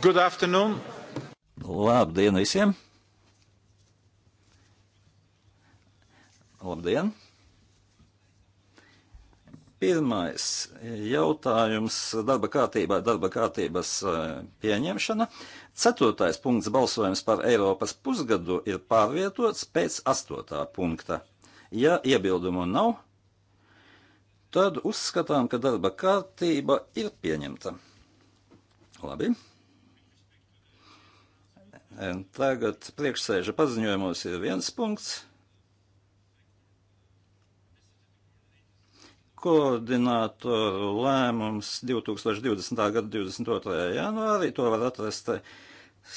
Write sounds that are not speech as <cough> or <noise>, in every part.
Good afternoon! Labdien visiem! Labdien! Pirmais jautājums darba kārtībā - darba kārtības eh, pieņemšana. Ceturtais punkts balsojums par Eiropas pusgadu ir pārvietots pēc astotā punkta. Ja iebildumu nav, tad uzskatām, ka darba kārtība ir pieņemta. Labi. Tagad priekšsēža paziņojumos ir viens punkts. Koordinātoru lēmums 2020. gada 22. janvārī to var atrast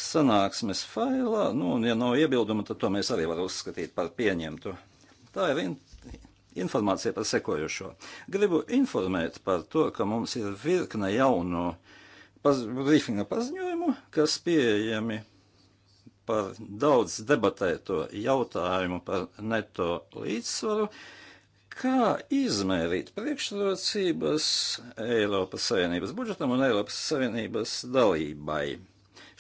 sanāksmes failā, nu, un ja nav iebilduma, tad to mēs arī varam uzskatīt par pieņemtu. Tā ir in informācija par sekojošo. Gribu informēt par to, ka mums ir virkne jaunu paz brīfinga paziņojumu, kas pieejami par daudz debatēto jautājumu par neto līdzsvaru, kā izmērīt priekšrocības Eiropas Savienības budžetam un Eiropas Savienības dalībai.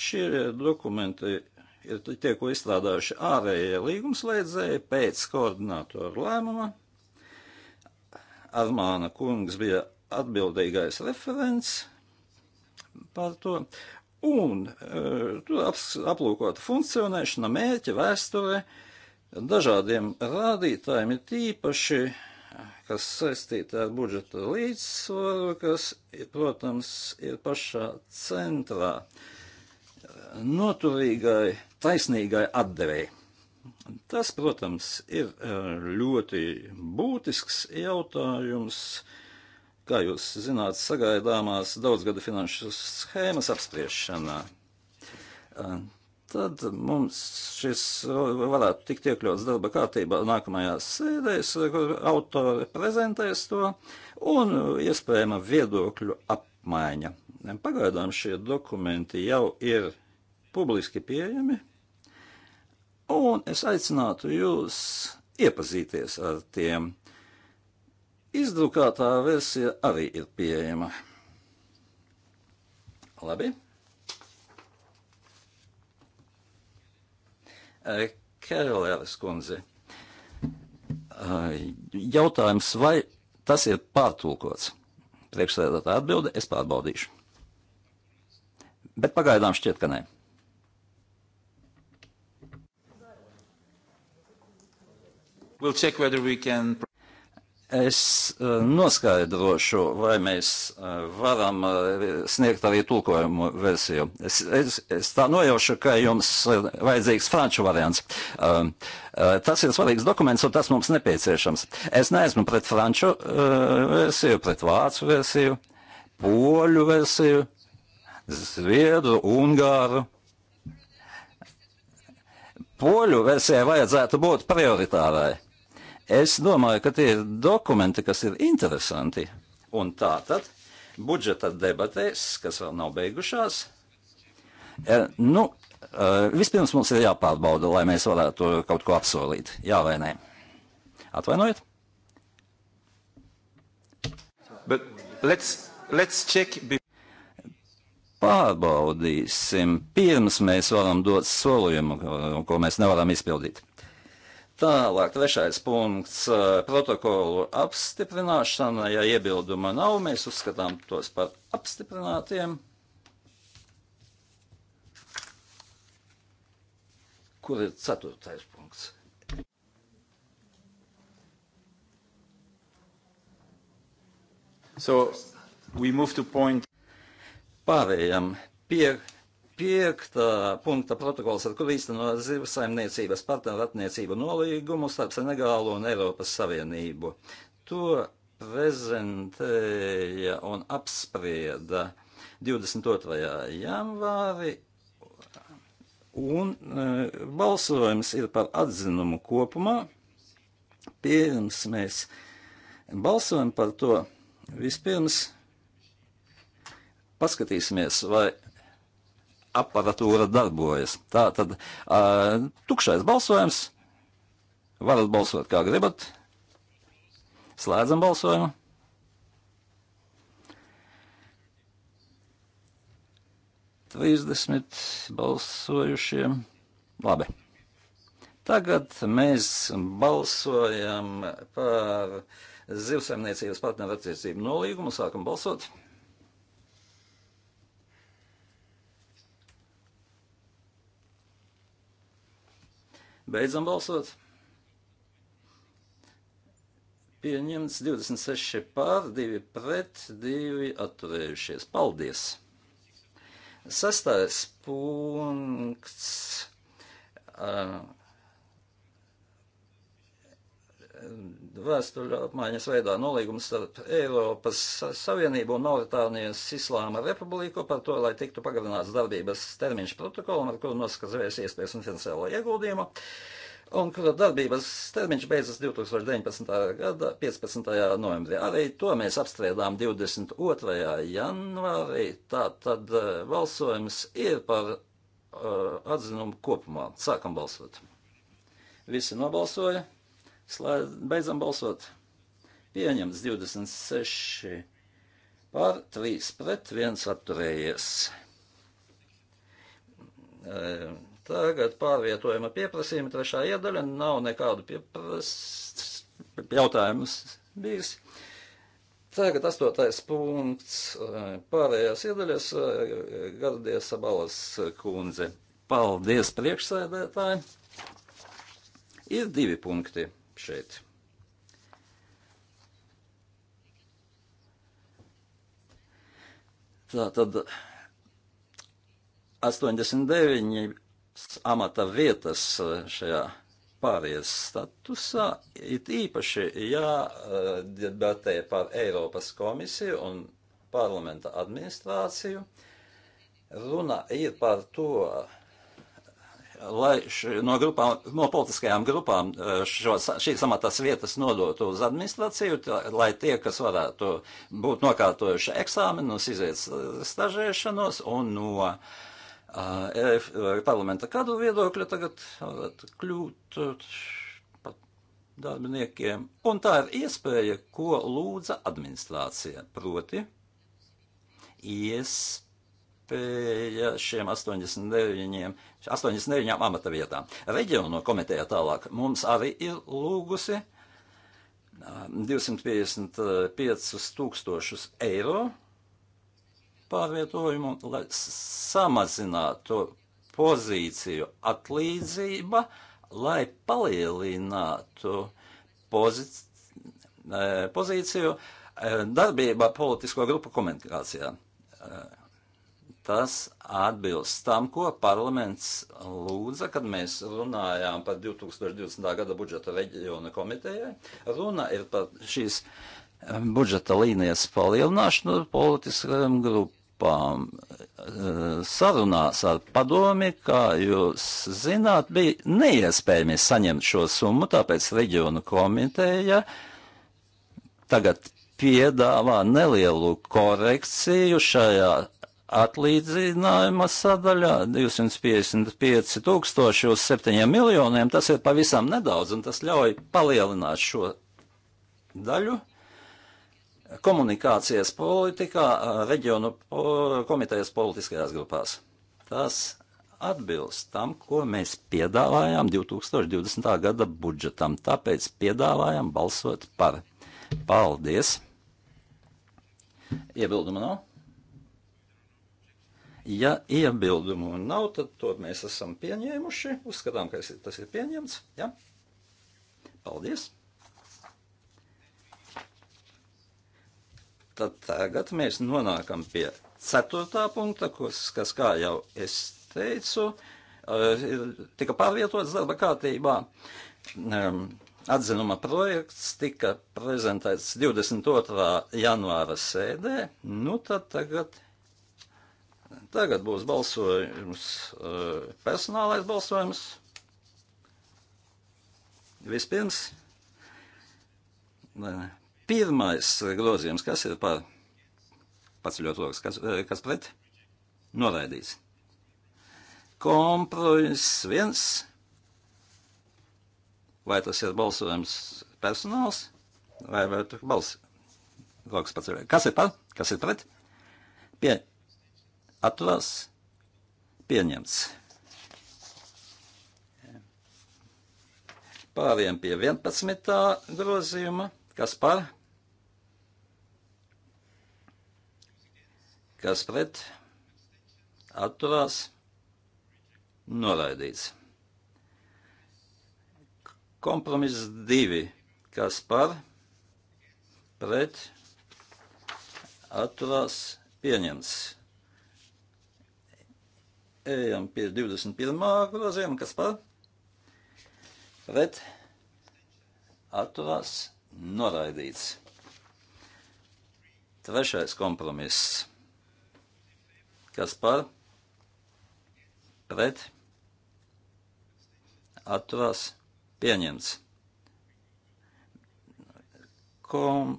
Šie dokumenti ir tie, ko izstrādājuši ārējie līgumslēdzēji pēc koordinātoru lēmuma. Armāna kungs bija atbildīgais referents par to, un uh, aplūkot funkcionēšana, mērķa, vēsture, dažādiem rādītājiem ir tīpaši, kas saistīti ar budžeta līdzsvaru, kas, protams, ir pašā centrā eh, noturīgai, taisnīgai atdevei. Tas, protams, ir eh, ļoti būtisks jautājums. Uh, kā jūs zināt, sagaidāmās daudzgada finanšu schēmas apspriešanā. Tad mums šis varētu tikt iekļauts darba kārtībā nākamajās sēdēs, kur autori prezentēs to, un iespējama viedokļu apmaiņa. Pagaidām šie dokumenti jau ir publiski pieejami, un es aicinātu jūs iepazīties ar tiem. Izdrukātā versija arī ir pieejama. Labi. E, Kerolēras kundze, e, jautājums, vai tas ir pārtulkots? Priekšsēdētāja atbilde, es pārbaudīšu. Bet pagaidām šķiet, ka nē. We'll check whether we can... Es eh, noskaidrošu, vai mēs eh, varam eh, sniegt arī tulkojumu versiju. Es, es, es tā nojaušu, ka jums vajadzīgs franču variants. Um, tas ir svarīgs dokuments, un tas mums nepieciešams. Es neesmu pret franču versiju, pret vācu versiju, poļu versiju, zviedru, ungāru poļu versijai vajadzētu būt prioritārai. Es domāju, ka tie ir dokumenti, kas ir interesanti. Un tā tad budžeta debatēs, kas vēl nav beigušās, er, nu, eh, vispirms mums ir jāpārbauda, lai mēs varētu kaut ko apsolīt. Jā vai nē? Atvainojiet? But let's, let's check pārbaudīsim, pirms mēs varam dot solījumu, ko mēs nevaram izpildīt. Tālāk, trešais punkts eh, - protokolu apstiprināšana. Ja iebilduma nav, mēs uzskatām tos par apstiprinātiem. Kur ir ceturtais punkts? So, we move to point. Pārējām pie piekta punkta protokols, ar kuru īsteno zivsaimniecības partnerattiecību nolīgumu starp Senegālu un Eiropas Savienību. To prezentēja un apsprieda 22. janvāri, un e, balsojums ir par atzinumu kopumā. Pirms mēs balsojam par to, vispirms paskatīsimies, vai aparatūra darbojas. Tā tad uh, tukšais balsojums. Varat balsot, kā gribat. Slēdzam balsojumu. Trīsdesmit balsojušiem. Labi. Tagad mēs balsojam par zivsaimniecības partneru attiecību nolīgumu. Sākam balsot. Beidzam balsot. Pieņemts 26 pār, 2 pret, 2 atturējušies. Paldies! Sastais punkts. Uh, vēstuļu apmaiņas veidā nolīgums starp Eiropas Savienību un Mauritānijas Islāma Republiku par to, lai tiktu pagarināts darbības termiņš protokolam, ar kuru noskatās iespējas un finansiālo ieguldījumu, un kura darbības termiņš beidzas 2019. gada 15. novembrī. Arī to mēs apstrēdām 22. janvārī, tā tad eh, balsojums ir par uh, atzinumu kopumā. Sākam balsot. Visi nobalsoja. Slēdz, beidzam balsot. Pieņemts 26 pār 3 pret 1 atturējies. E, tagad pārvietojuma pieprasījuma trešā iedaļa nav nekādu piepras... jautājumus bijis. Tagad astotais punkts e, pārējās iedaļas e, Gardies Sabalas kundze. Paldies priekšsēdētāji! Ir divi punkti šeit. Tā tad 89 amata vietas šajā pārējais statusā, it īpaši jādebatē par Eiropas komisiju un parlamenta administrāciju. Runa ir par to, lai š, no, grupām, no politiskajām grupām e, šo, šīs amatas vietas nodotu uz administrāciju, tā, lai tie, kas varētu būt nokārtojuši eksāmenus, iziet stažēšanos un no uh, EF, parlamenta kadru viedokļa tagad varētu kļūt e, par darbiniekiem. Un tā ir iespēja, ko lūdza administrācija, proti iespēja iespēja šiem 89, 89 amata vietām. Reģionu komiteja tālāk mums arī ir lūgusi 255 tūkstošus eiro pārvietojumu, lai samazinātu pozīciju atlīdzība, lai palielinātu pozici pozīciju darbībā politisko grupu komunikācijā. Tas atbilst tam, ko parlaments lūdza, kad mēs runājām par 2020. gada budžeta reģiona komitejai. Runa ir par šīs um, budžeta līnijas palielināšanu politiskajām grupām. Uh, sarunās ar padomi, kā jūs zināt, bija neiespējami saņemt šo summu, tāpēc reģiona komiteja tagad piedāvā nelielu korekciju šajā atlīdzinājuma sadaļā 255 tūkstoši uz 7 miljoniem. Tas ir pavisam nedaudz, un tas ļauj palielināt šo daļu. Komunikācijas politikā, reģionu komitejas politiskajās grupās. Tas atbilst tam, ko mēs piedāvājām 2020. gada budžetam. Tāpēc piedāvājām balsot par. Paldies! Iebildumu nav? No? Ja iebildumu nav, tad to mēs esam pieņēmuši. Uzskatām, ka tas ir pieņemts. Ja? Paldies! Tad tagad mēs nonākam pie ceturtā punkta, kas, kas kā jau es teicu, eh, tika pārvietots darba kārtībā. Ehm, atzinuma projekts tika prezentēts 22. janvāra sēdē. Nu tad tagad Tagad būs balsojums, eh, personālais balsojums. Vispirms, pirmais grozījums, kas ir par paceļot rokas, kas, eh, kas pret, noraidīts. Kompromiss viens. Vai tas ir balsojums personāls, vai vai tu balsi rokas paceļot. Kas ir par, kas ir pret? Pie, Atturas. Pieņemts. Pāriem pie 11. grozījuma. Kas par? Kas pret? Atturās. Noraidīts. Kompromiss divi. Kas par? Pret? Atturās. Pieņemts. Ejam pie 21. grozījuma, kas par pret atturās noraidīts. Trešais kompromiss, kas par pret atturās pieņemts. Kom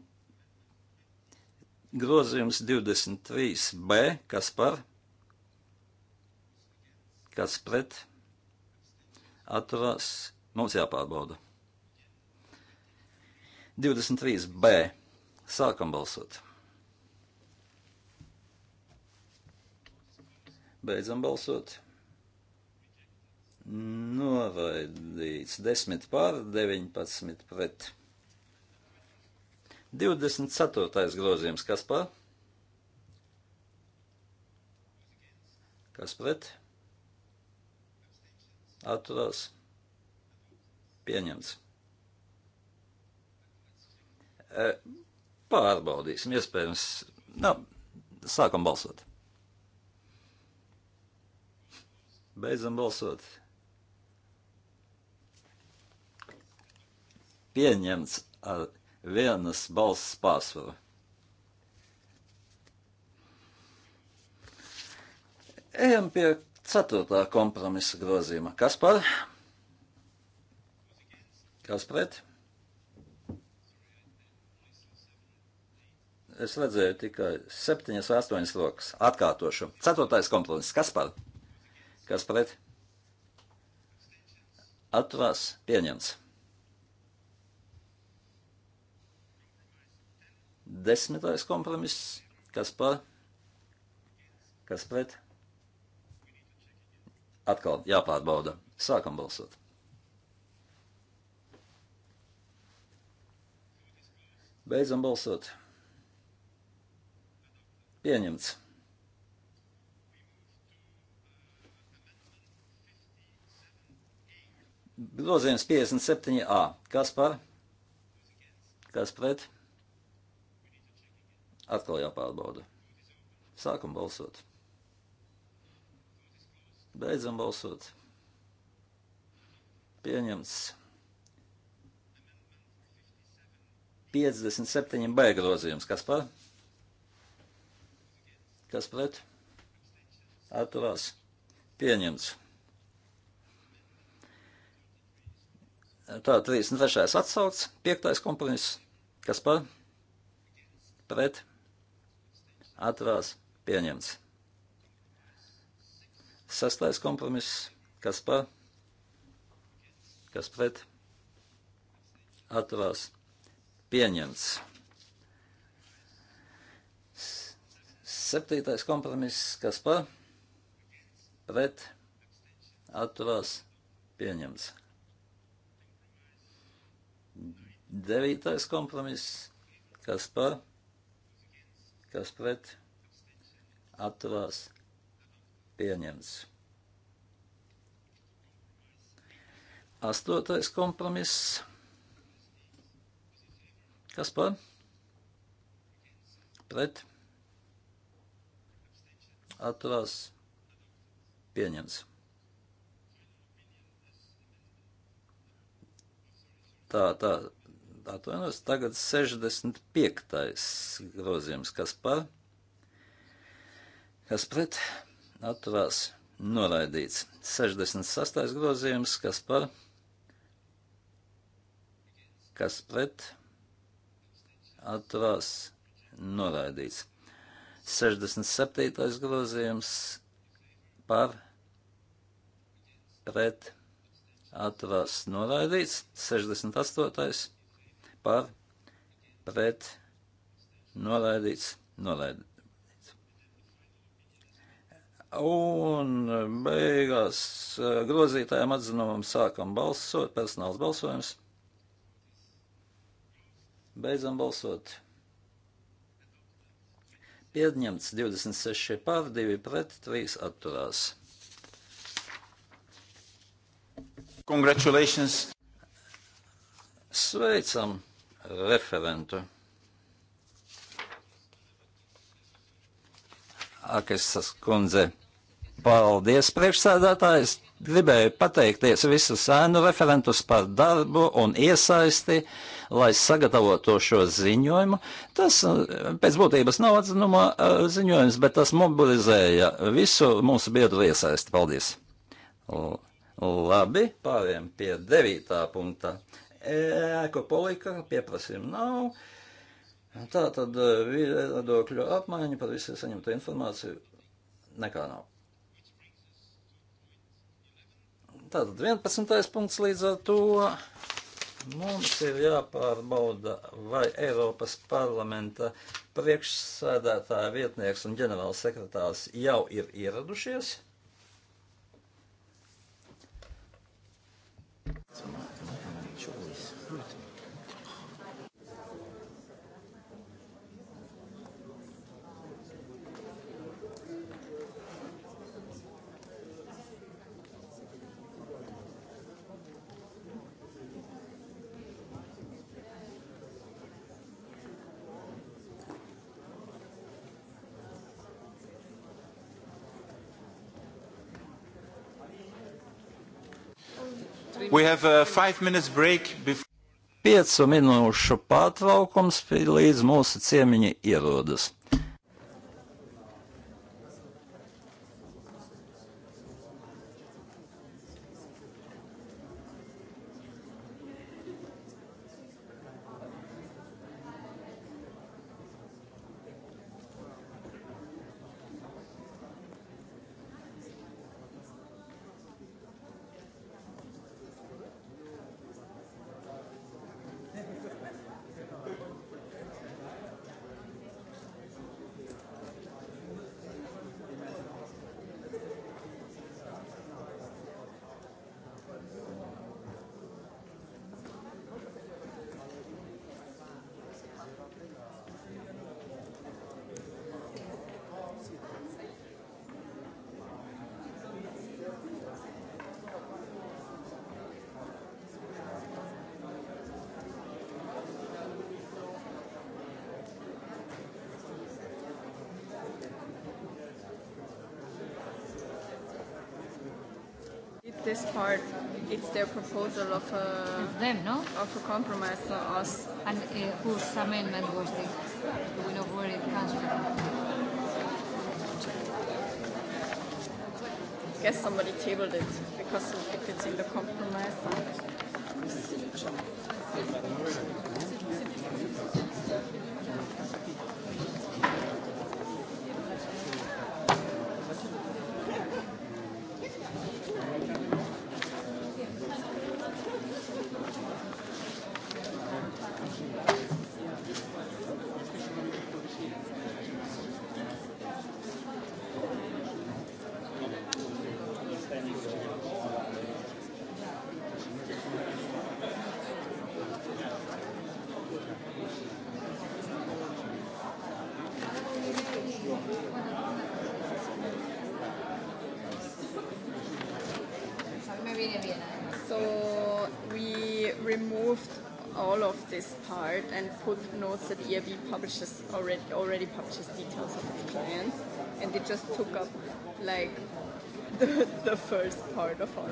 grozījums 23b, kas par pret kas pret atturās mums jāpārbauda. 23. B. Sākam balsot. Beidzam balsot. Noraidīts 10 pār 19 pret. 24. grozījums kas par? Kas pret? atturās pieņemts. E, pārbaudīsim, iespējams, nu, sākam balsot. Beidzam balsot. Pieņemts ar vienas balss pārsvaru. Ejam pie Ceturtā kompromisa grozījuma. Kas par? Kas pret? Es redzēju tikai septiņas, astoņas rokas. Atkārtošu. Ceturtais kompromiss. Kas par? Kas pret? Atturās pieņemts. Desmitais kompromiss. Kas par? Kas pret? Atkal jāpārbauda. Sākam balsot. Beidzam balsot. Pieņemts. Grozījums 57a. Kas par? Kas pret? Atkal jāpārbauda. Sākam balsot. Beidzam balsot. Pieņemts. 57 baigrozījums. Kas par? Kas pret? Atturās. Pieņemts. Tā, 33. atsauc, 5. kompromiss. Kas par? Pret? Atturās. Pieņemts. Sastais kompromiss, kas par, kas pret, atturās pieņemts. Septītais kompromiss, kas par, pret, atturās pieņemts. Devītais kompromiss, kas par, kas pret, atturās pieņemts pieņemts. Astotais kompromiss. Kas par? Pret. Atturās. Pieņemts. Tā, tā, atvainojos. Tagad 65. grozījums. Kas par? Kas pret? Pret atturās noraidīts. 66. grozījums, kas par, kas pret, atturās noraidīts. 67. grozījums par, pret, atturās noraidīts. 68. par, pret, noraidīts, noraidīts. Un eh, beigās eh, grozītājiem atzinumam sākam balsot, personāls balsojums. Beidzam balsot. Pieņemts 26 pār, 2 pret, 3 atturās. Congratulations! Sveicam referentu! Akesas kundze. Paldies, priekšsēdētājs! Gribēju pateikties visu sēnu referentus par darbu un iesaisti, lai sagatavotu šo ziņojumu. Tas eh, pēc būtības nav atzinuma eh, ziņojums, bet tas mobilizēja visu mūsu biedru iesaisti. Paldies! Labi, pāriem pie devītā punkta. Ēku polika pieprasījumu nav. Tā tad eh, viedokļu apmaiņa par visu saņemto informāciju nekā nav. Tātad 11. punkts līdz ar to mums ir jāpārbauda, vai Eiropas parlamenta priekšsēdētāja vietnieks un ģenerāls sekretārs jau ir ieradušies. Samā. Piecu minūšu pārtraukums, līdz mūsu ciemiņi ierodas. their proposal of a, it's them, no? of a compromise to us. And uh, whose amendment was this? Do we know where it comes from? I guess somebody tabled it because if it's in the compromise. And... footnotes that EIB publishes already already publishes details of its clients, and they just took up like <laughs> the, the first part of our.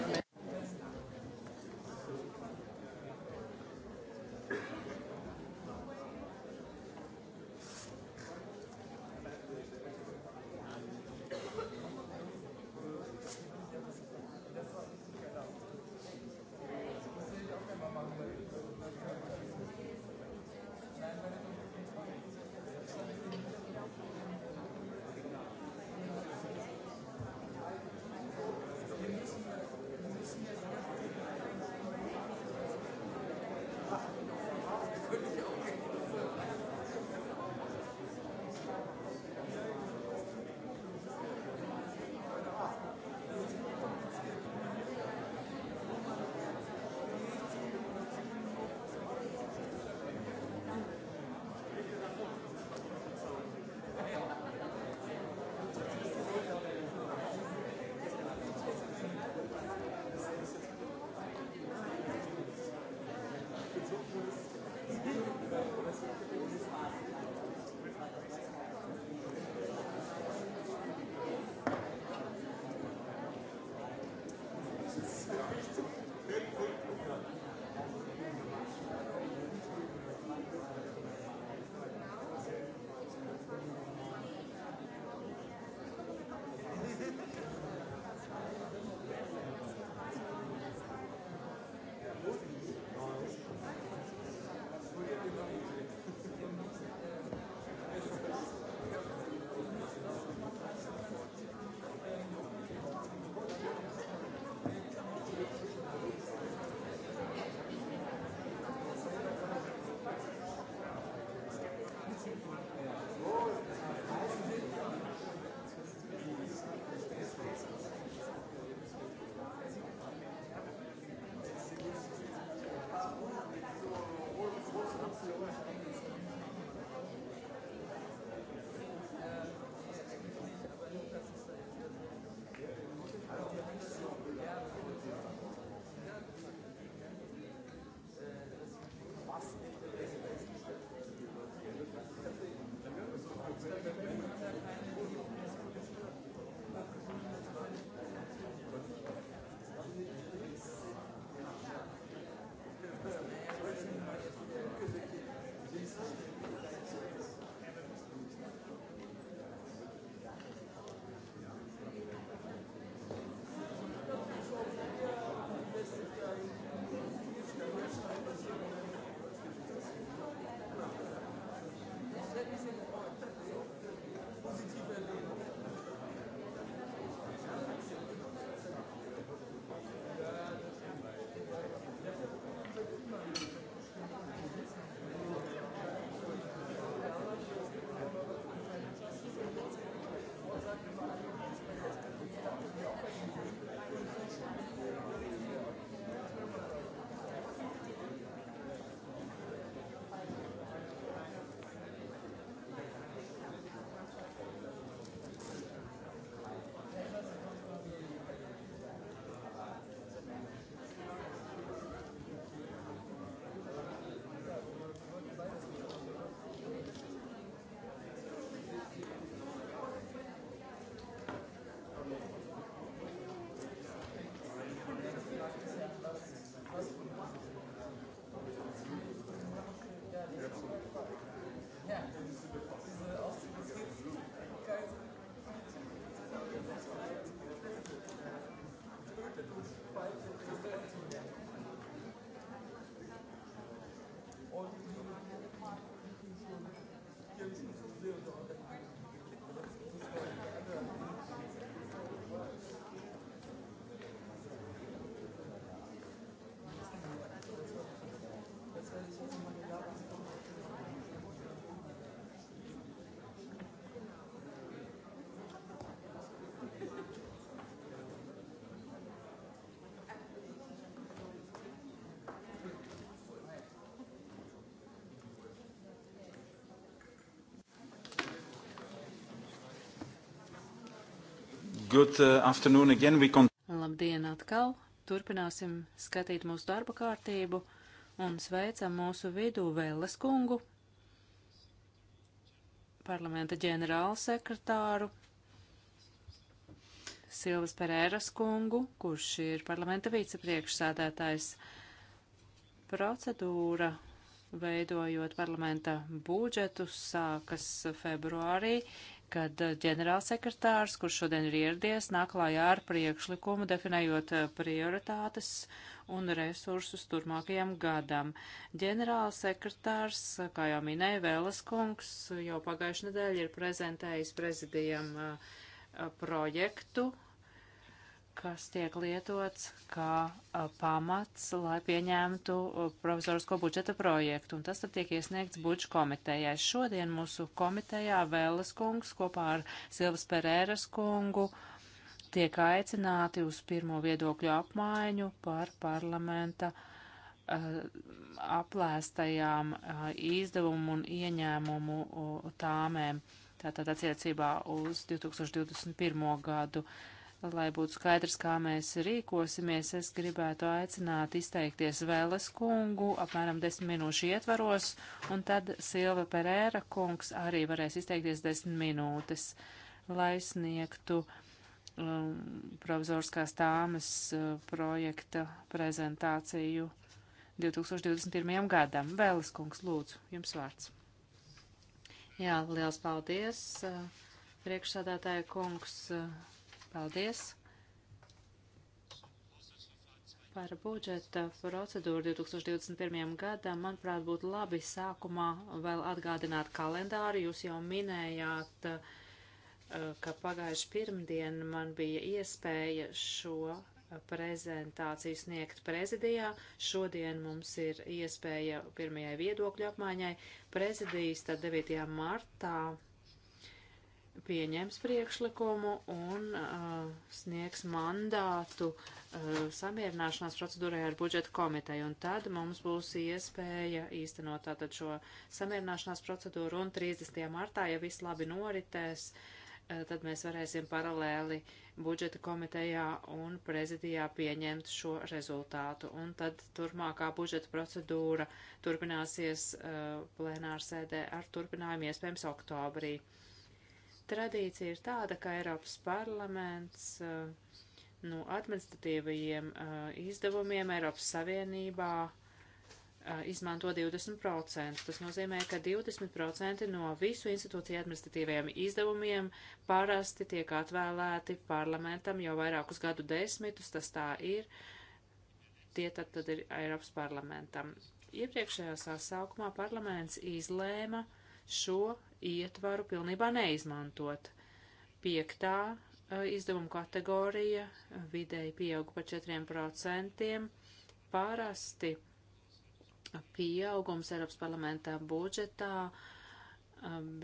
Good uh, afternoon again. We con... Labdien atkal. Turpināsim skatīt mūsu darba kārtību un sveicam mūsu vidū Vēles kungu, parlamenta ģenerālsekretāru, Silvas Perēras kungu, kurš ir parlamenta vicepriekšsādātājs. Procedūra veidojot parlamenta budžetu sākas februārī, kad eh, ģenerālsekretārs, kurš šodien ir ieradies, nāk klājā ar priekšlikumu, definējot eh, prioritātes un resursus turmākajam gadam. Ģenerālsekretārs, kā jau minēja, Vēles kungs jau pagājušajā nedēļā ir prezentējis prezidijam eh, projektu kas tiek lietots kā a, pamats, lai pieņemtu provizorisko budžeta projektu, un tas tad tiek iesniegts budžu komitejai. Šodien mūsu komitejā Vēles kungs kopā ar Silvas Perēras kungu tiek aicināti uz pirmo viedokļu apmaiņu par parlamenta a, aplēstajām a, izdevumu un ieņēmumu tāmēm. Tātad attiecībā uz 2021. gadu. Uh, lai būtu skaidrs, kā mēs rīkosimies, es gribētu aicināt izteikties Vēles kungu apmēram desmit minūšu ietvaros, un tad Silva Perēra kungs arī varēs izteikties desmit minūtes, lai sniegtu um, provizorskās tāmas uh, projekta prezentāciju 2021. gadam. Vēles kungs, lūdzu, jums vārds. Jā, liels paldies, uh, priekšsādātāja kungs. Uh, Paldies! Par budžeta procedūru 2021. gadam, manuprāt, būtu labi sākumā vēl atgādināt kalendāru. Jūs jau minējāt, eh, ka pagājuši pirmdien man bija iespēja šo eh, prezentāciju sniegt prezidijā. Šodien mums ir iespēja pirmajai viedokļu apmaiņai. Prezidijas tad 9. martā pieņems priekšlikumu un uh, sniegs mandātu uh, samierināšanās procedūrai ar budžeta komiteju. Un tad mums būs iespēja īstenot tātad šo samierināšanās procedūru un 30. martā, ja viss labi noritēs, uh, tad mēs varēsim paralēli budžeta komitejā un prezidijā pieņemt šo rezultātu. Un tad turpmākā budžeta procedūra turpināsies uh, plenārsēdē ar turpinājumu iespējams oktobrī. Uh, Tradīcija ir tāda, ka Eiropas parlaments eh, no nu, administratīvajiem eh, izdevumiem Eiropas Savienībā eh, izmanto 20%. Tas nozīmē, ka 20% no visu institūciju administratīvajiem izdevumiem parasti tiek atvēlēti parlamentam jau vairākus gadu desmitus, tas tā ir. Tie tad, tad ir Eiropas parlamentam. Iepriekšējā sasaukumā parlaments izlēma šo ietvaru pilnībā neizmantot. Piektā e, izdevuma kategorija vidēji pieauga par 4%. Parasti pieaugums Eiropas parlamentā budžetā e,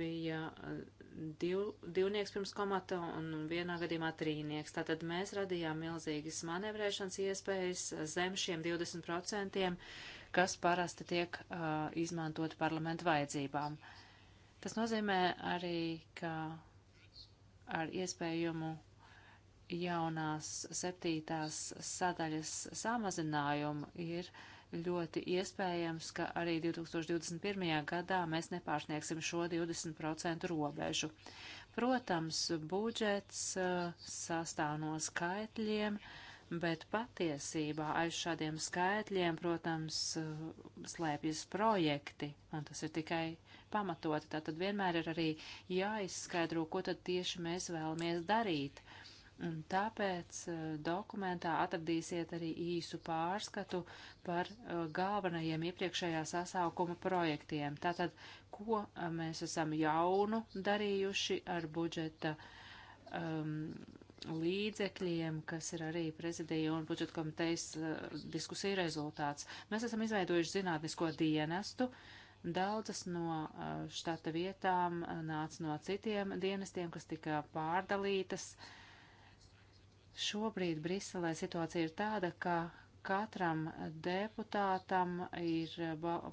bija e, div, divnieks pirms komata un vienā gadījumā trīnieks. Tātad mēs radījām milzīgas manevrēšanas iespējas zem šiem 20%, kas parasti tiek uh, izmantot parlamentu vajadzībām. Uh, Tas nozīmē arī, ka ar iespējumu jaunās septītās sadaļas samazinājumu ir ļoti iespējams, ka arī 2021. gadā mēs nepārsniegsim šo 20% robežu. Protams, budžets eh, sastāv no skaitļiem, bet patiesībā aiz šādiem skaitļiem, protams, eh, slēpjas projekti, un tas ir tikai pamatota. Tātad vienmēr ir arī jāizskaidro, ko tad tieši mēs vēlamies darīt. Un tāpēc uh, dokumentā atradīsiet arī īsu pārskatu par uh, galvenajiem iepriekšējā sasaukuma projektiem. Tātad, ko uh, mēs esam jaunu darījuši ar budžeta um, līdzekļiem, kas ir arī prezidija un budžeta komitejas diskusija rezultāts. Mēs esam izveidojuši zinātnisko dienestu, uh, Daudzas no štata vietām nāca no citiem dienestiem, kas tika pārdalītas. Šobrīd Briselē situācija ir tāda, ka katram deputātam ir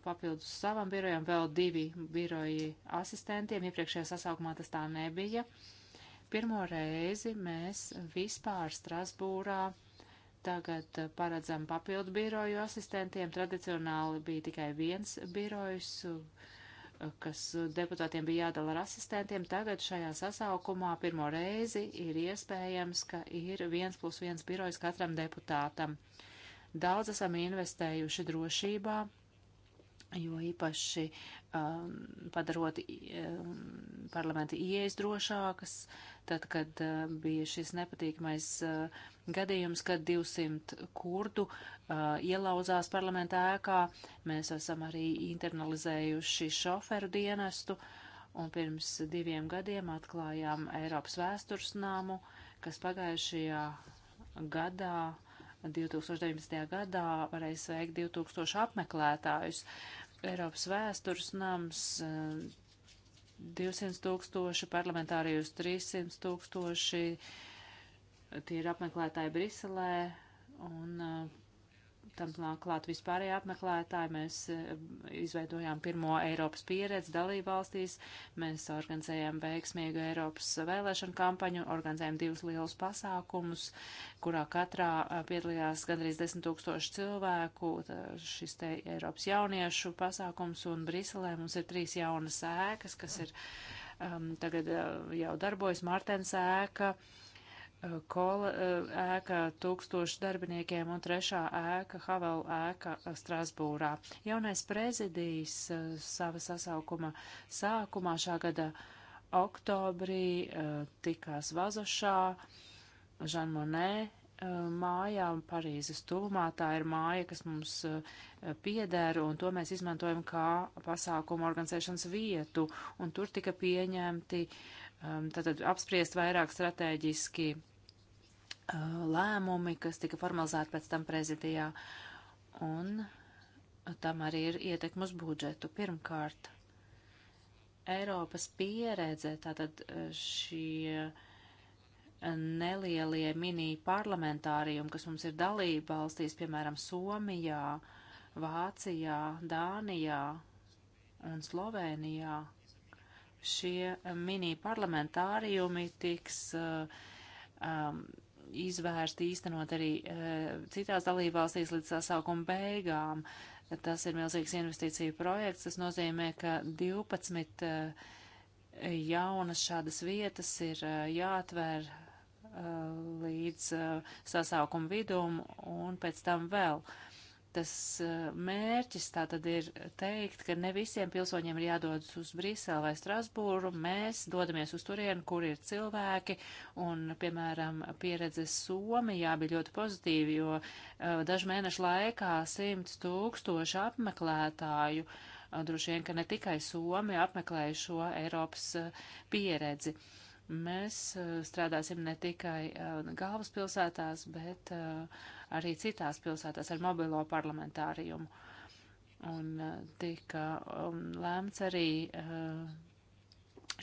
papildus savam birojam vēl divi biroji asistentiem. Iepriekšējā sasaukumā tas tā nebija. Pirmo reizi mēs vispār Strasbūrā Tagad eh, paredzam papildu biroju asistentiem. Tradicionāli bija tikai viens birojs, eh, kas deputātiem bija jādala ar asistentiem. Tagad šajā sasaukumā pirmo reizi ir iespējams, ka ir viens plus viens birojs katram deputātam. Daudz esam investējuši drošībā, jo īpaši um, padarot um, parlamenta ieejas drošākas, tad, kad uh, bija šis nepatīkamais uh, gadījums, kad 200 kurdu uh, ielauzās parlamenta ēkā, mēs esam arī internalizējuši šoferu dienestu, un pirms diviem gadiem atklājām Eiropas vēstures nāmu, kas pagājušajā gadā 2019. gadā varēs veikt 2000 apmeklētājus. Eiropas vēstures nams 200 eh, tūkstoši, parlamentārijus 300 tūkstoši, tie ir apmeklētāji Briselē un eh, tam klāt vispārējie apmeklētāji. Mēs eh, izveidojām pirmo Eiropas pieredzi dalību valstīs, mēs organizējām veiksmīgu Eiropas vēlēšanu kampaņu, organizējām divus lielus pasākumus, kurā katrā eh, piedalījās gandrīz 10 tūkstoši cilvēku, tā, šis te Eiropas jauniešu pasākums, un Briselē mums ir trīs jaunas ēkas, kas ir um, tagad eh, jau darbojas Martens ēka. Uh, kola eh, ēka tūkstošu darbiniekiem un trešā ēka Havel ēka eh, Strasbūrā. Jaunais prezidijs eh, sava sasaukuma sākumā šā gada oktobrī tikās Vazošā, Žanmonē mājā un Parīzes tuvumā. Tā ir māja, kas mums pieder, un to mēs izmantojam kā pasākumu organizēšanas vietu, un tur tika pieņemti, tātad apspriest vairāk strateģiski Uh, lēmumi, kas tika formalizēti pēc tam prezidijā, un tam arī ir ietekme uz budžetu. Pirmkārt, Eiropas pieredze, tātad uh, šie nelielie mini parlamentārijumi, kas mums ir dalība valstīs, piemēram, Somijā, Vācijā, Dānijā un Slovenijā, šie mini parlamentārijumi tiks uh, um, izvērst īstenot arī eh, citās dalībvalstīs līdz sasaukuma beigām. Tas ir milzīgs investīcija projekts. Tas nozīmē, ka 12 eh, jaunas šādas vietas ir eh, jāatver līdz sasaukuma vidum un pēc tam vēl. Uh, tas eh, mērķis tātad ir teikt, ka ne visiem pilsoņiem ir jādodas uz Briselu vai Strasbūru. Mēs dodamies uz turienu, kur ir cilvēki, un, piemēram, pieredze Somijā bija ļoti pozitīva, jo uh, dažu mēnešu laikā simts tūkstoši apmeklētāju, uh, droši vien, ka ne tikai Somija apmeklēja šo Eiropas uh, pieredzi. Uh, Mēs eh, strādāsim ne tikai eh, galvaspilsētās, bet eh, arī citās pilsētās ar mobilo parlamentārijumu. Un tika um, lēmts arī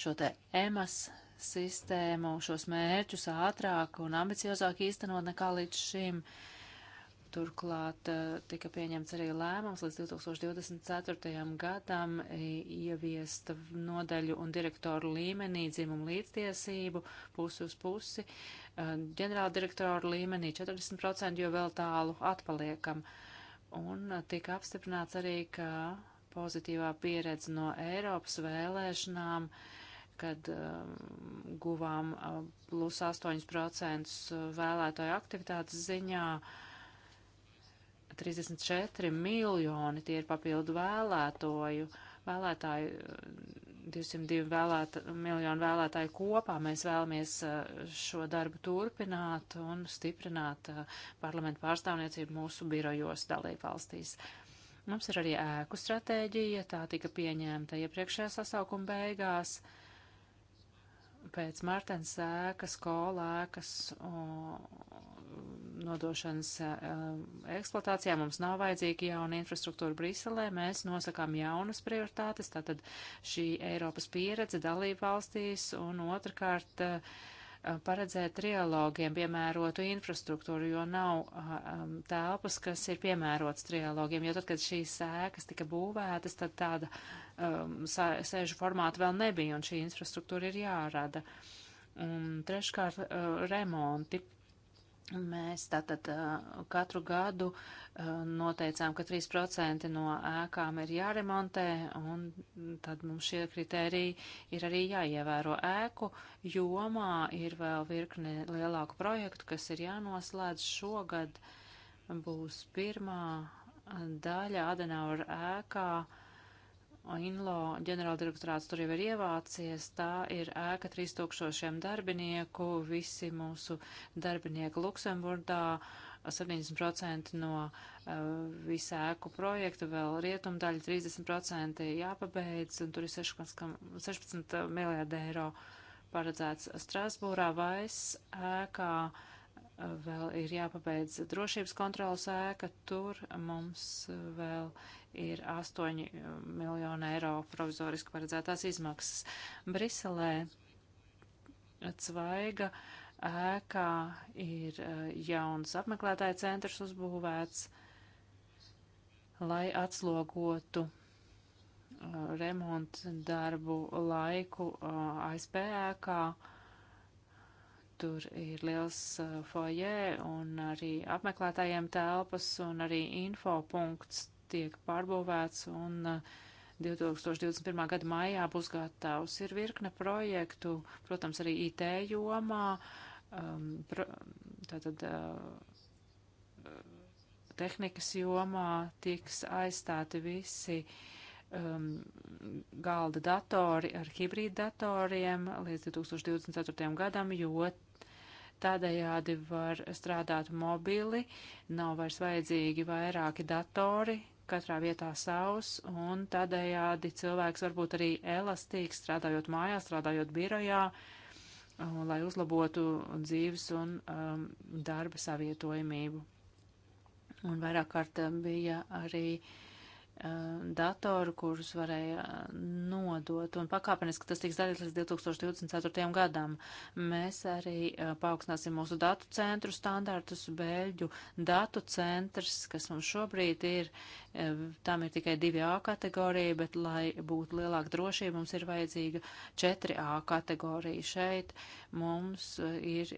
šo te EMAS sistēmu, šos mērķus ātrāk un ambiciozāk īstenot nekā līdz šim. Uh, Turklāt eh, tika pieņemts arī lēmums līdz 2024. gadam eh, ieviest nodaļu un direktoru līmenī dzimumu līdztiesību pusi uz pusi, eh, ģenerāla direktoru līmenī 40%, jo vēl tālu atpaliekam. Un tika apstiprināts arī, ka pozitīvā pieredze no Eiropas vēlēšanām, kad um, guvām plus 8% vēlētāju aktivitātes ziņā, uh, 34 miljoni tie ir papildu vēlētoju, vēlētāju, 202 vēlēt, miljonu vēlētāju kopā. Mēs vēlamies eh, šo darbu turpināt un stiprināt eh, parlamentu pārstāvniecību mūsu birojos dalībvalstīs. Mums ir arī ēku stratēģija, tā tika pieņemta iepriekšējā sasaukuma beigās pēc Martens ēkas, skola ēkas nodošanas eh, eksploatācijā. Mums nav vajadzīga jauna infrastruktūra Briselē. Mēs nosakām jaunas prioritātes, tātad šī Eiropas pieredze dalību valstīs un otrkārt eh, paredzēt trialogiem piemērotu infrastruktūru, jo nav um, telpas, kas ir piemērotas trialogiem, jo tad, kad šīs sēkas tika būvētas, tad tāda um, sēžu formāta vēl nebija, un šī infrastruktūra ir jārada. Un treškārt, uh, remonti. Mēs tātad katru gadu noteicām, ka 3% no ēkām ir jāremontē, un tad mums šie kriteriji ir arī jāievēro ēku. Jomā ir vēl virkni lielāku projektu, kas ir jānoslēdz šogad. Būs pirmā daļa Adenaura ēkā INLO ģenerāldirektorāts tur jau ir ievācies, tā ir ēka 3000 darbinieku, visi mūsu darbinieki Luksemburdā, 70% no uh, visa ēku projekta, vēl rietumdaļa 30% jāpabeidz, un tur ir 16, 16 miljārdi eiro paredzēts Strasbūrā vairs ēkā. Uh, vēl ir jāpabeidz drošības kontrolas ēka, tur mums uh, vēl ir 8 miljonu eiro provizoriski paredzētās izmaksas. Briselē cvaiga ēkā ir eh, jauns apmeklētāja centrs uzbūvēts, lai atslogotu eh, remontu darbu laiku eh, ASP ēkā tur ir liels uh, foyer un arī apmeklētājiem telpas un arī infopunkts tiek pārbūvēts un 2021. Eh, gada maijā būs gatavs. Ir virkne projektu, protams, arī IT jomā, um, pro, tātad uh, tehnikas jomā tiks aizstāti visi um, galda datori ar hibrīd datoriem līdz 2024. gadam, jo Tādējādi var strādāt mobili, nav vairs vajadzīgi vairāki datori, katrā vietā savs, un tādējādi cilvēks varbūt arī elastīgs, strādājot mājās, strādājot birojā, un, um, lai uzlabotu dzīves un um, darba savietojamību. Un vairāk kārt um, bija arī uh, Eh, datoru, kurus varēja eh, nodot, un pakāpeniski tas tiks darīts līdz 2024. gadam. Mēs arī eh, paaugstināsim mūsu datu centru standartus, Bēļģu datu centrs, kas mums šobrīd ir, tam ir tikai 2A kategorija, bet, lai būtu lielāka drošība, mums ir vajadzīga 4A kategorija. Šeit mums ir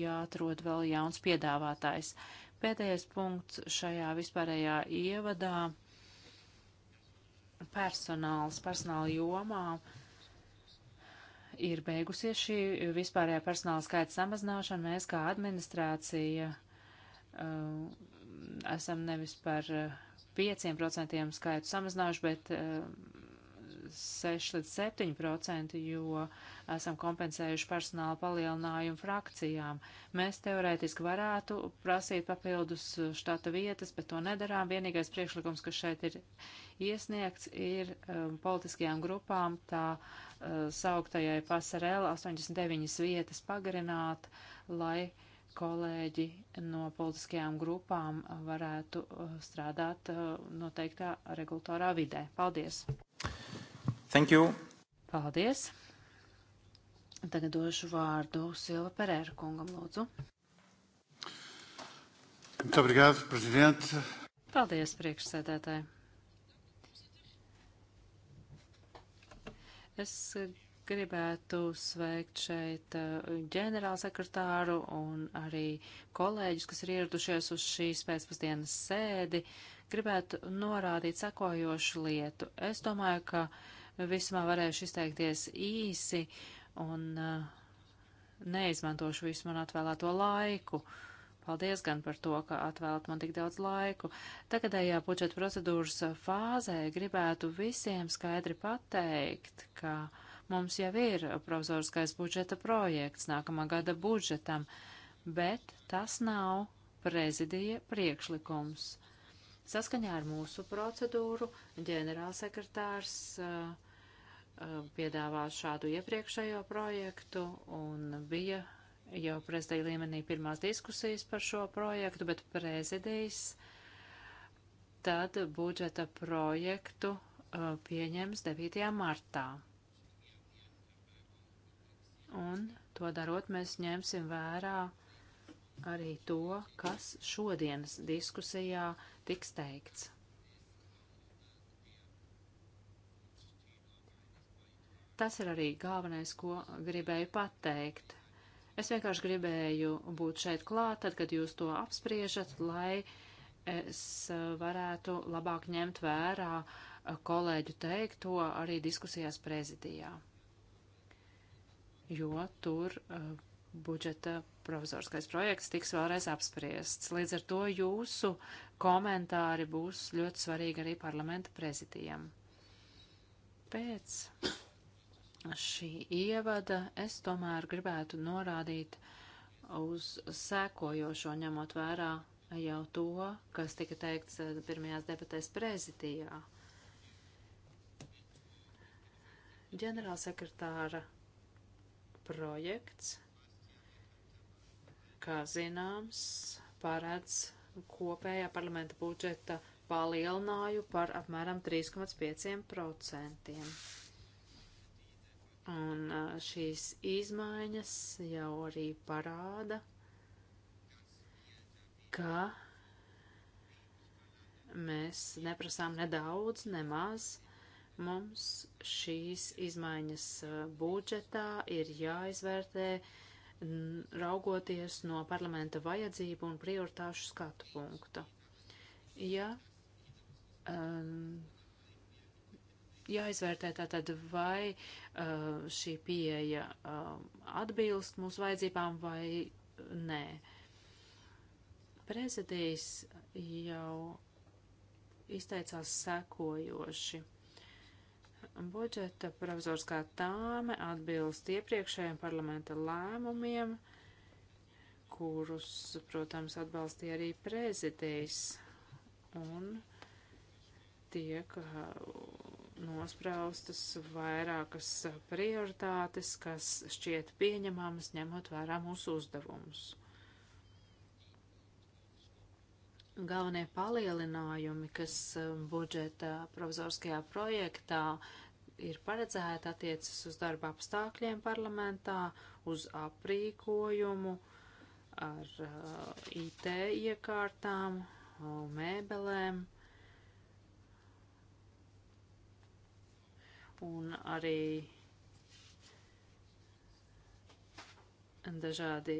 jāatrod vēl jauns piedāvātājs. Pēdējais punkts šajā vispārējā ievadā personāls, personāla jomā ir beigusies šī vispārējā personāla skaita samazināšana. Mēs kā administrācija uh, esam nevis par 5% uh, skaitu samazinājuši, bet uh, 6 līdz 7 procenti, jo esam kompensējuši personāla palielinājumu frakcijām. Mēs teorētiski varētu prasīt papildus štata vietas, bet to nedarām. Vienīgais priekšlikums, kas šeit ir iesniegts, ir um, politiskajām grupām tā uh, sauktajai pasarela 89 vietas pagarināt, lai kolēģi no politiskajām grupām varētu uh, strādāt uh, noteiktā regulatorā vidē. Paldies! Thank you. Paldies. Tagad došu vārdu Silva Perēra kungam, lūdzu. Muito obrigado, presidente. Paldies, priekšsēdētāji. Es gribētu sveikt šeit uh, ģenerālsekretāru un arī kolēģus, kas ir ieradušies uz šīs pēcpusdienas sēdi. Gribētu norādīt sekojošu lietu. Es domāju, ka vismā varēšu izteikties īsi un uh, neizmantošu visu man atvēlēto laiku. Paldies gan par to, ka atvēlat man tik daudz laiku. Tagadējā budžeta procedūras fāzē gribētu visiem skaidri pateikt, ka mums jau ir provizoriskais budžeta projekts nākamā gada budžetam, bet tas nav prezidija priekšlikums. Saskaņā ar mūsu procedūru ģenerālsekretārs eh, eh, piedāvā šādu iepriekšējo projektu un bija jau prezidija līmenī pirmās diskusijas par šo projektu, bet prezidijs tad budžeta projektu eh, pieņems 9. martā. Un to darot, mēs ņemsim vērā arī to, kas šodienas diskusijā tiks teikts. Tas ir arī galvenais, ko gribēju pateikt. Es vienkārši gribēju būt šeit klāt, tad, kad jūs to apspriežat, lai es varētu labāk ņemt vērā kolēģu teikto arī diskusijās prezidijā, jo tur eh, budžeta provizoriskais projekts tiks vēlreiz apspriests. Līdz ar to jūsu komentāri būs ļoti svarīgi arī parlamenta prezidijam. Pēc šī ievada es tomēr gribētu norādīt uz sēkojošo ņemot vērā jau to, kas tika teikts eh, pirmajās debatēs prezidijā. Ģenerālsekretāra projekts kā zināms, paredz kopējā parlamenta budžeta palielināju par apmēram 3,5%. Un šīs izmaiņas jau arī parāda, ka mēs neprasām nedaudz, nemaz. Mums šīs izmaiņas budžetā ir jāizvērtē uh, raugoties no parlamenta vajadzību un prioritāšu skatu punkta. Ja um, jāizvērtē tātad, vai uh, šī pieeja uh, atbilst mūsu vajadzībām vai nē. Prezidijs jau izteicās sekojoši budžeta provizoriskā tāme atbilst iepriekšējiem parlamenta lēmumiem, kurus, protams, atbalstīja arī prezidējs, un tiek uh, nospraustas vairākas prioritātes, kas šķiet pieņemamas, ņemot vērā mūsu uzdevumus. galvenie palielinājumi, kas um, budžeta provizoriskajā projektā ir paredzēti attiecas uz darba apstākļiem parlamentā, uz aprīkojumu ar uh, IT iekārtām, mēbelēm un arī dažādi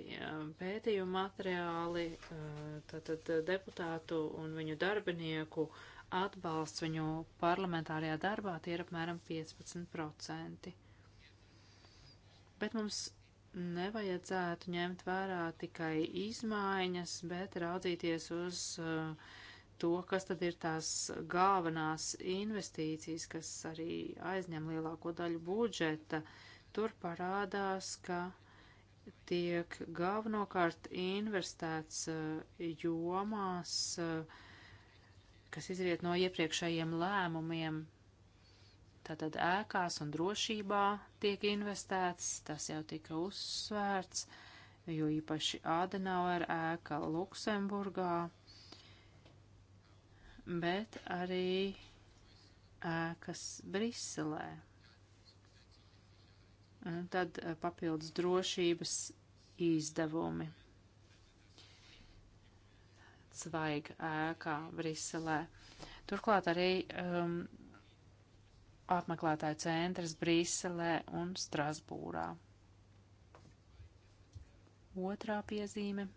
pētījumu materiāli, tātad deputātu un viņu darbinieku atbalsts viņu parlamentārajā darbā tie ir apmēram 15%. Bet mums nevajadzētu ņemt vērā tikai izmaiņas, bet raudzīties uz to, kas tad ir tās galvenās investīcijas, kas arī aizņem lielāko daļu budžeta. Tur parādās, ka tiek galvenokārt investēts eh, jomās, eh, kas izriet no iepriekšējiem lēmumiem. Tātad ēkās un drošībā tiek investēts, tas jau tika uzsvērts, jo īpaši Adenauer ēka Luksemburgā, bet arī ēkas Briselē tad eh, papildus drošības izdevumi. Svaiga ēkā Briselē. Turklāt arī um, apmeklētāju centrs Briselē un Strasbūrā. Otrā piezīme.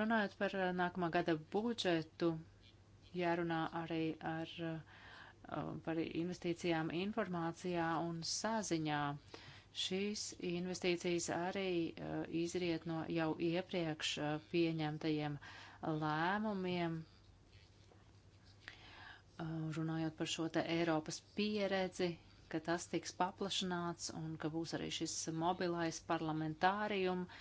Runājot par eh, nākamā gada budžetu, jārunā arī ar, eh, par investīcijām informācijā un saziņā. Šīs investīcijas arī eh, izriet no jau iepriekš pieņemtajiem lēmumiem, runājot par šo te Eiropas pieredzi, ka tas tiks paplašināts un ka būs arī šis mobilais parlamentārijums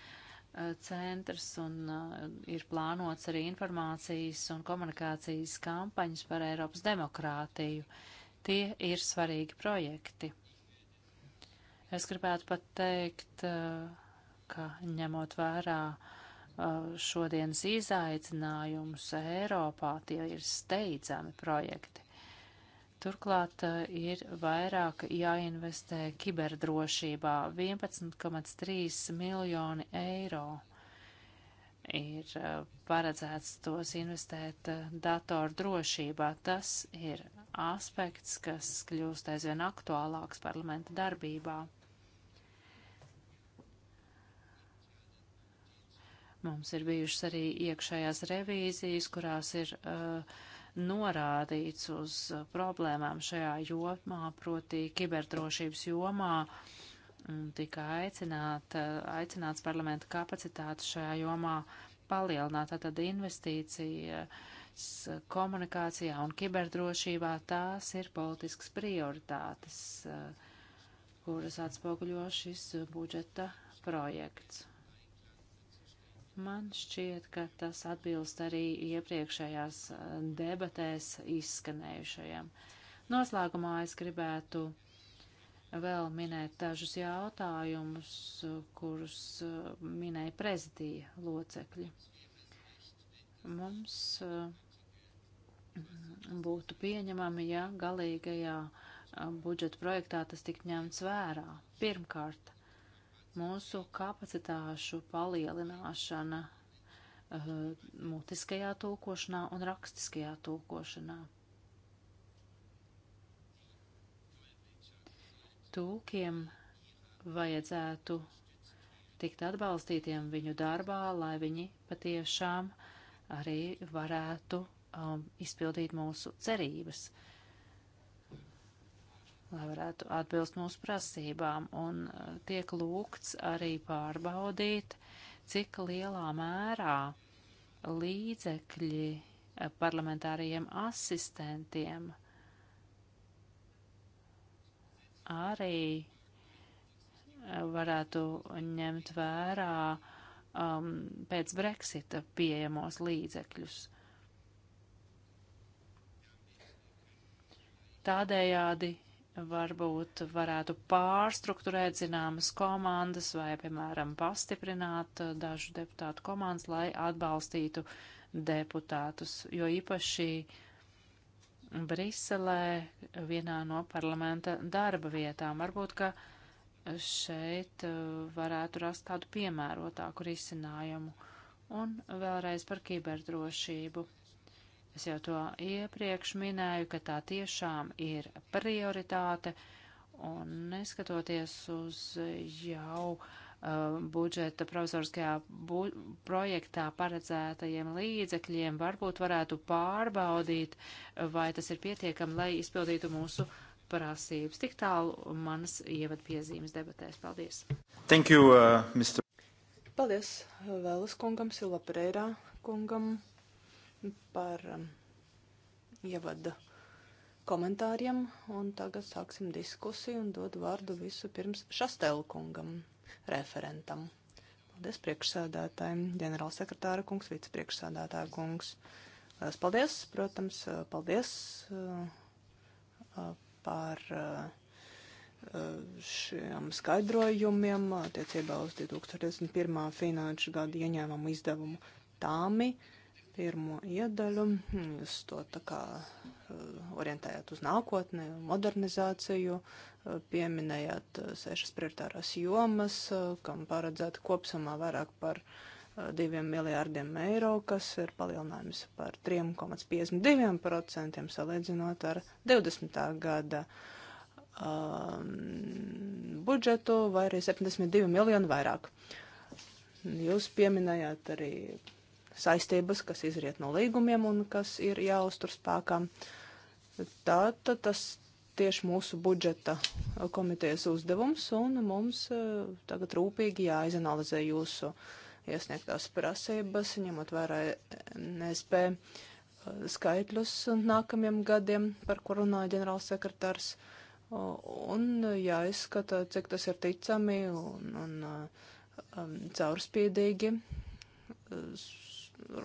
Eh, centrs un eh, ir plānots arī informācijas un komunikācijas kampaņas par Eiropas demokrātiju. Tie ir svarīgi projekti. Es gribētu pat teikt, eh, ka ņemot vērā šodienas izaicinājumus Eiropā, tie ir steidzami projekti. Turklāt eh, ir vairāk jāinvestē kiberdrošībā - 11,3 miljoni eiro ir eh, paredzēts tos investēt eh, datoru drošībā. Tas ir aspekts, kas kļūst aizvien aktuālāks parlamenta darbībā. Mums ir bijušas arī iekšējās revīzijas, kurās ir uh, norādīts uz problēmām šajā jomā, proti kiberdrošības jomā. Tika aicināt, aicināts parlamenta kapacitāte šajā jomā palielināt, tātad investīcija komunikācijā un kiberdrošībā tās ir politiskas prioritātes, kuras atspoguļo šis budžeta projekts. Man šķiet, ka tas atbilst arī iepriekšējās eh, debatēs izskanējušajam. Noslēgumā es gribētu vēl minēt dažus jautājumus, kurus eh, minēja prezidija locekļi. Mums eh, būtu pieņemami, ja galīgajā budžeta projektā tas tik ņemts vērā. Pirmkārt, mūsu kapacitāšu palielināšana uh, mutiskajā tūkošanā un rakstiskajā tūkošanā. Tūkiem vajadzētu tikt atbalstītiem viņu darbā, lai viņi patiešām arī varētu um, izpildīt mūsu cerības. Uh, lai varētu atbilst mūsu prasībām, un eh, tiek lūgts arī pārbaudīt, cik lielā mērā līdzekļi eh, parlamentārajiem asistentiem arī eh, varētu ņemt vērā um, pēc Brexita pieejamos līdzekļus. Tādējādi varbūt varētu pārstruktūrēt zināmas komandas vai, piemēram, pastiprināt uh, dažu deputātu komandas, lai atbalstītu deputātus, jo īpaši Briselē vienā no parlamenta darba vietām. Varbūt, ka šeit uh, varētu rast tādu piemērotāku risinājumu. Un vēlreiz par kiberdrošību. Es jau to iepriekš minēju, ka tā tiešām ir prioritāte, un neskatoties uz jau uh, budžeta provizoriskajā bu projektā paredzētajiem līdzekļiem, varbūt varētu pārbaudīt, vai tas ir pietiekami, lai izpildītu mūsu prasības. Tik tālu manas ievadpiezīmes debatēs. Paldies! Thank you, uh, Mr. Paldies Vēlas kungam, Silva Pereira kungam par um, ievada komentāriem, un tagad sāksim diskusiju un dod vārdu visu pirms Šastelkungam, referentam. Paldies priekšsēdētājiem, ģenerālsekretāra kungs, vicepriekšsēdētāja kungs. Lielas paldies, protams, paldies uh, uh, par uh, šiem skaidrojumiem attiecībā uz 2021. finanšu gada ieņēmumu izdevumu tāmi. Uh, pirmo iedaļu. Jūs to tā kā eh, orientējāt uz nākotni, modernizāciju, eh, pieminējāt eh, sešas prioritārās jomas, kam paredzēta kopsumā vairāk par diviem miljārdiem eiro, kas ir palielinājums par 3,52% salīdzinot ar 20. gada um, budžetu vai arī 72 miljonu vairāk. Jūs pieminējāt arī saistības, kas izriet no līgumiem un kas ir jāuztur spēkā. Tā, tā tas tieši mūsu budžeta komitejas uzdevums, un mums e, tagad rūpīgi jāizanalizē jūsu iesniegtās prasības, ņemot vērā NSP e, skaitļus nākamajiem gadiem, par kur runāja ģenerālsekretārs, un jāizskata, cik tas ir ticami un, un e, caurspīdīgi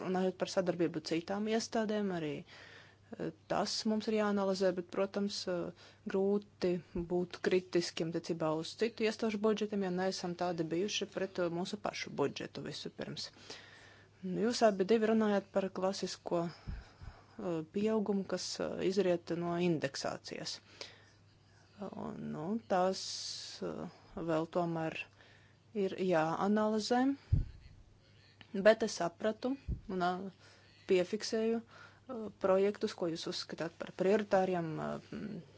runājot par sadarbību citām iestādēm, arī eh, tas mums ir jāanalizē, bet, protams, eh, grūti būt kritiskiem tecībā uz citu iestāžu budžetiem, ja neesam tādi bijuši pret eh, mūsu pašu budžetu visu pirms. Nu, jūs abi divi runājat par klasisko pieaugumu, kas izriet no indeksācijas. Nu, tās vēl tomēr ir jāanalizē. Bet es sapratu un piefiksēju projektus, ko jūs uzskatāt par prioritāriem,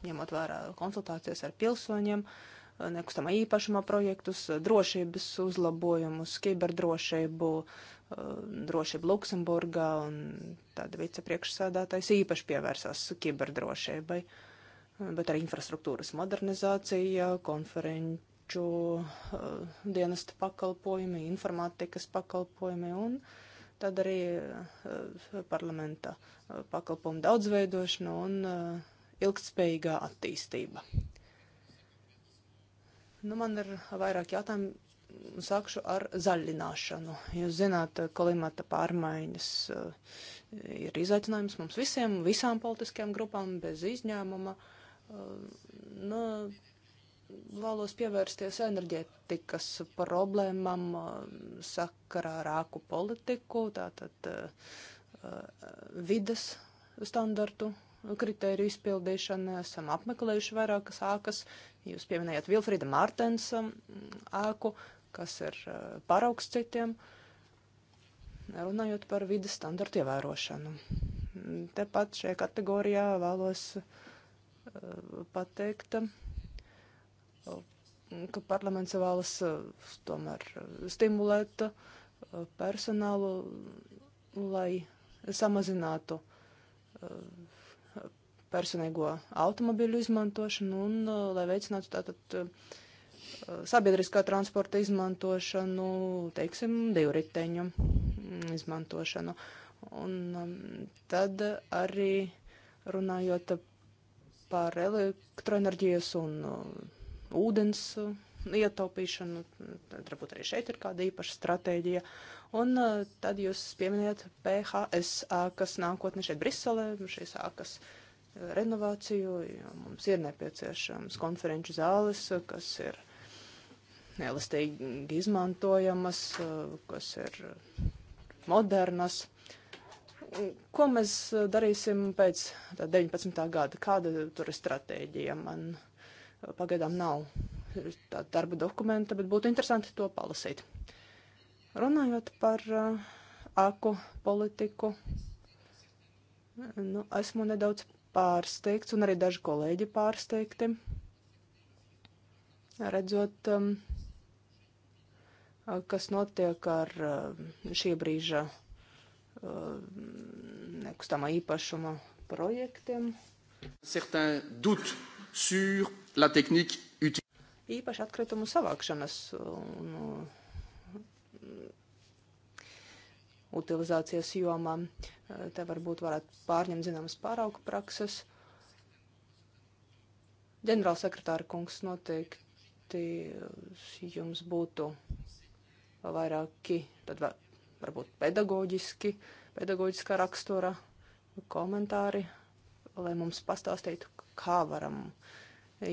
ņemot vērā konsultācijas ar pilsoņiem, nekustamā īpašumā projektus, drošības uzlabojumus, kiberdrošību, drošību Luksemburgā un tāda vicepriekšsēdātais īpaši pievērsās kiberdrošībai, bet arī infrastruktūras modernizācija, konferenci preču uh, eh, dienesta pakalpojumi, informatikas pakalpojumi un tad arī uh, parlamenta uh, pakalpojumu daudzveidošana un uh, ilgtspējīgā attīstība. Nu, man ir vairāk jautājumu. Sākšu ar zaļināšanu. Jūs zināt, klimata pārmaiņas uh, ir izaicinājums mums visiem, visām politiskajām grupām bez izņēmuma. Uh, nu, vēlos pievērsties enerģetikas problēmām uh, sakarā ar āku politiku, tātad uh, uh, vides standartu kritēriju izpildīšanu. Esam apmeklējuši vairākas ākas. Jūs pieminējat Vilfrīda Mārtensa āku, mm, kas ir paraugs citiem, runājot par vides standartu ievērošanu. Tepat šajā kategorijā vēlos pateikt, ka parlaments vēlas eh, tomēr stimulēt eh, personālu, lai samazinātu eh, personīgo automobiļu izmantošanu un lai veicinātu tātad sabiedriskā transporta izmantošanu, teiksim, divriteņu mm, izmantošanu. Un mm, tad arī runājot par elektroenerģijas un ūdens uh, ietaupīšanu, tad varbūt arī šeit ir kāda īpaša stratēģija. Un uh, tad jūs pieminējat PHS ēkas nākotni šeit Briselē, šīs ēkas uh, renovāciju, jo mums ir nepieciešams konferenču zāles, kas ir elastīgi izmantojamas, kas ir modernas. Ko mēs darīsim pēc 19. gada? Kāda tur ir stratēģija? Man pagaidām nav tāda darba dokumenta, bet būtu interesanti to palasīt. Runājot par uh, aku politiku, nu, esmu nedaudz pārsteigts, un arī daži kolēģi pārsteigti, redzot, um, kas notiek ar uh, šī brīža uh, nekustamā īpašuma projektiem. Certains doutes sur la technique utilisée. Īpaši atkritumu savākšanas un mm, utilizācijas jomā. Te varbūt varētu pārņemt zināmas pārauku prakses. Ģenerālsekretāra kungs noteikti jums būtu vairāki, tad varbūt pedagoģiski, pedagoģiskā rakstura komentāri lai mums pastāstītu, kā varam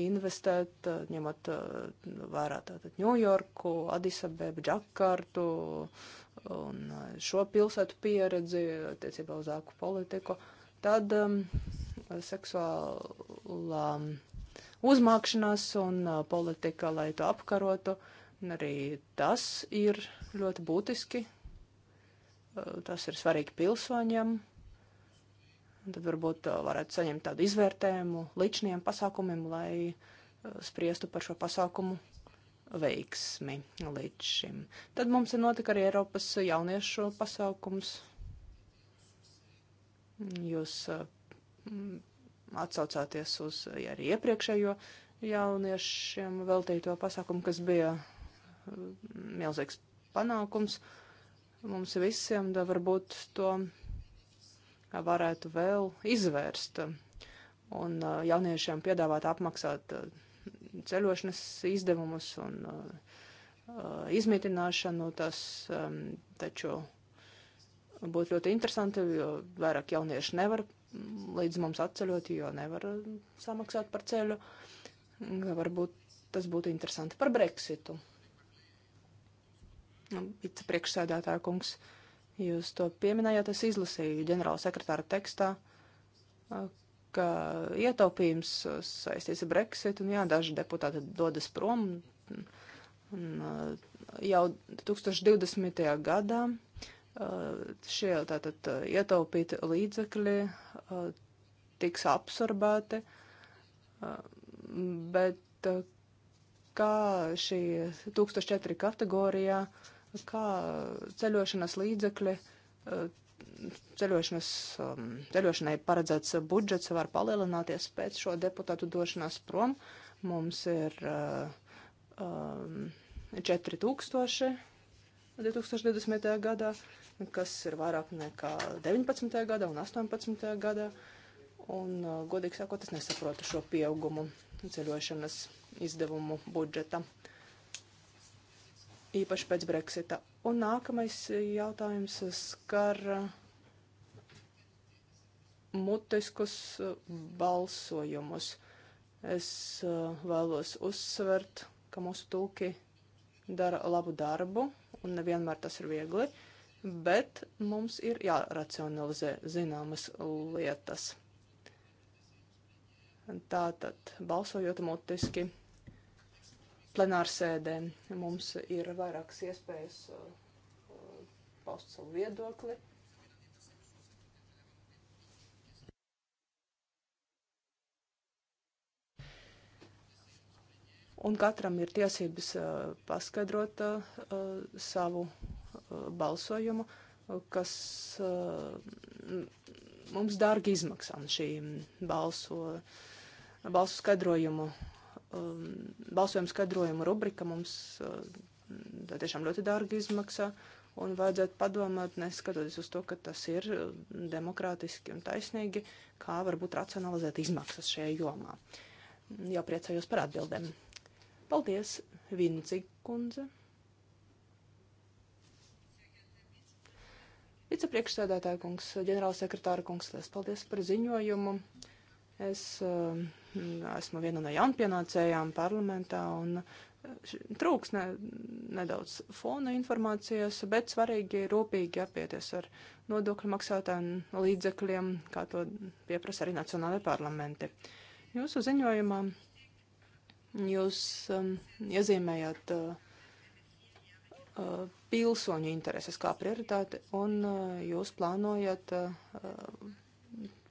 investēt, eh, ņemot eh, vērā tātad Ņujorku, Adisabebu, Džakartu un eh, šo pilsētu pieredzi attiecībā uz āku politiku, tad um, seksuālā uzmākšanās un politika, lai to apkarotu, un arī tas ir ļoti būtiski, tas ir svarīgi pilsoņiem. Tad varbūt uh, varētu saņemt tādu izvērtējumu līdziniem pasākumiem, lai uh, spriestu par šo pasākumu veiksmi līdz šim. Tad mums ir notika arī Eiropas jauniešu pasākums. Jūs uh, atsaucāties uz ja arī iepriekšējo jauniešiem veltīto pasākumu, kas bija milzīgs panākums mums visiem, da varbūt to varētu vēl izvērst un uh, jauniešiem piedāvāt apmaksāt uh, ceļošanas izdevumus un uh, izmitināšanu. Tas um, taču būtu ļoti interesanti, jo vairāk jaunieši nevar līdz mums atceļot, jo nevar samaksāt par ceļu. Varbūt tas būtu interesanti par Brexitu. Nu, vicepriekšsēdētāja kungs. Uh, Jūs to pieminējāt, es izlasīju ģenerāla sekretāra tekstā, ka ietaupījums saistīts ar Brexit, un jā, daži deputāti dodas prom. Un, un, jau 2020. gadā šie tātad ietaupīti līdzekļi tiks absorbēti, bet kā šī 1004 kategorijā uh, kā ceļošanas līdzekļi, eh, ceļošanas, um, ceļošanai paredzēts budžets var palielināties pēc šo deputātu došanās prom. Mums ir eh, um, 4000 2020. gadā, kas ir vairāk nekā 19. gadā un 18. gadā. Un, eh, godīgi sakot, es nesaprotu šo pieaugumu ceļošanas izdevumu budžeta. Uh, īpaši pēc Brexita. Un nākamais jautājums skar uh, mutiskus uh, balsojumus. Es uh, vēlos uzsvert, ka mūsu tūki dara labu darbu, un nevienmēr tas ir viegli, bet mums ir jāracionalizē zināmas lietas. Tātad, balsojot mutiski plenārsēdē. Mums ir vairākas iespējas uh, uh, paust savu viedokli. Un katram ir tiesības uh, paskaidrot savu balsojumu, kas mums dārgi izmaksā šī balso, balsu skaidrojumu um, balsojuma skaidrojuma rubrika mums uh, tiešām ļoti dārgi izmaksā. Un vajadzētu padomāt, neskatoties uz to, ka tas ir uh, demokrātiski un taisnīgi, kā varbūt racionalizēt izmaksas šajā jomā. Jau priecājos par atbildēm. Paldies, Vinci kundze. Vicepriekšsēdētāja kungs, ģenerālsekretāra kungs, liels paldies par ziņojumu. Es uh, Esmu viena no jaunpienācējām parlamentā un trūks ne, nedaudz fona informācijas, bet svarīgi ir rūpīgi apieties ar nodokļu maksātājiem līdzekļiem, kā to pieprasa arī nacionālai parlamenti. Jūsu ziņojumā jūs um, iezīmējat uh, uh, pilsoņu intereses kā prioritāti, un uh, jūs plānojat uh, uh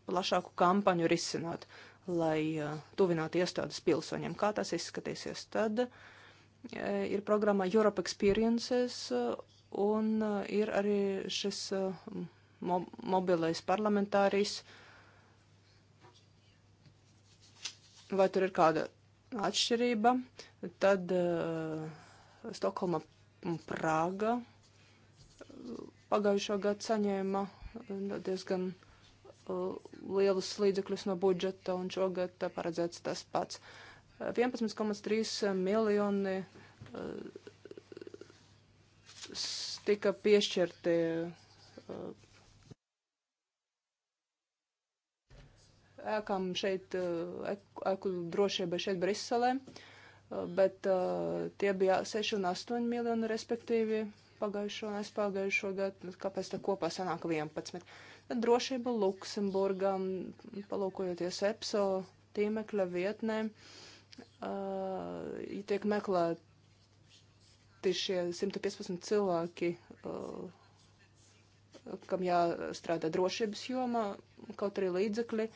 plašāku kampaņu risināt lai tuvinātu iestādes pilsoņiem. Kā tas izskatīsies tad? Ir programma Europe Experiences un ir arī šis mo mobilais parlamentārijs. Vai tur ir kāda atšķirība? Tad uh, Stokholma Prāga pagājušā gada saņēma diezgan uh, Uh, lielus līdzekļus no budžeta, un šogad uh, paredzēts tas pats. 11,3 uh, miljoni tika piešķirti ēkām šeit, ēku drošībai šeit Briselē, bet tie bija 6 un 8 miljoni respektīvi pagājušo un aizpagājušo gadu, kāpēc tā kopā sanāk 11 drošība Luksemburgam, palūkojoties EPSO tīmekļa vietnē, uh, tiek meklēti šie 115 cilvēki, uh, kam jāstrādā drošības jomā, kaut arī līdzekļi,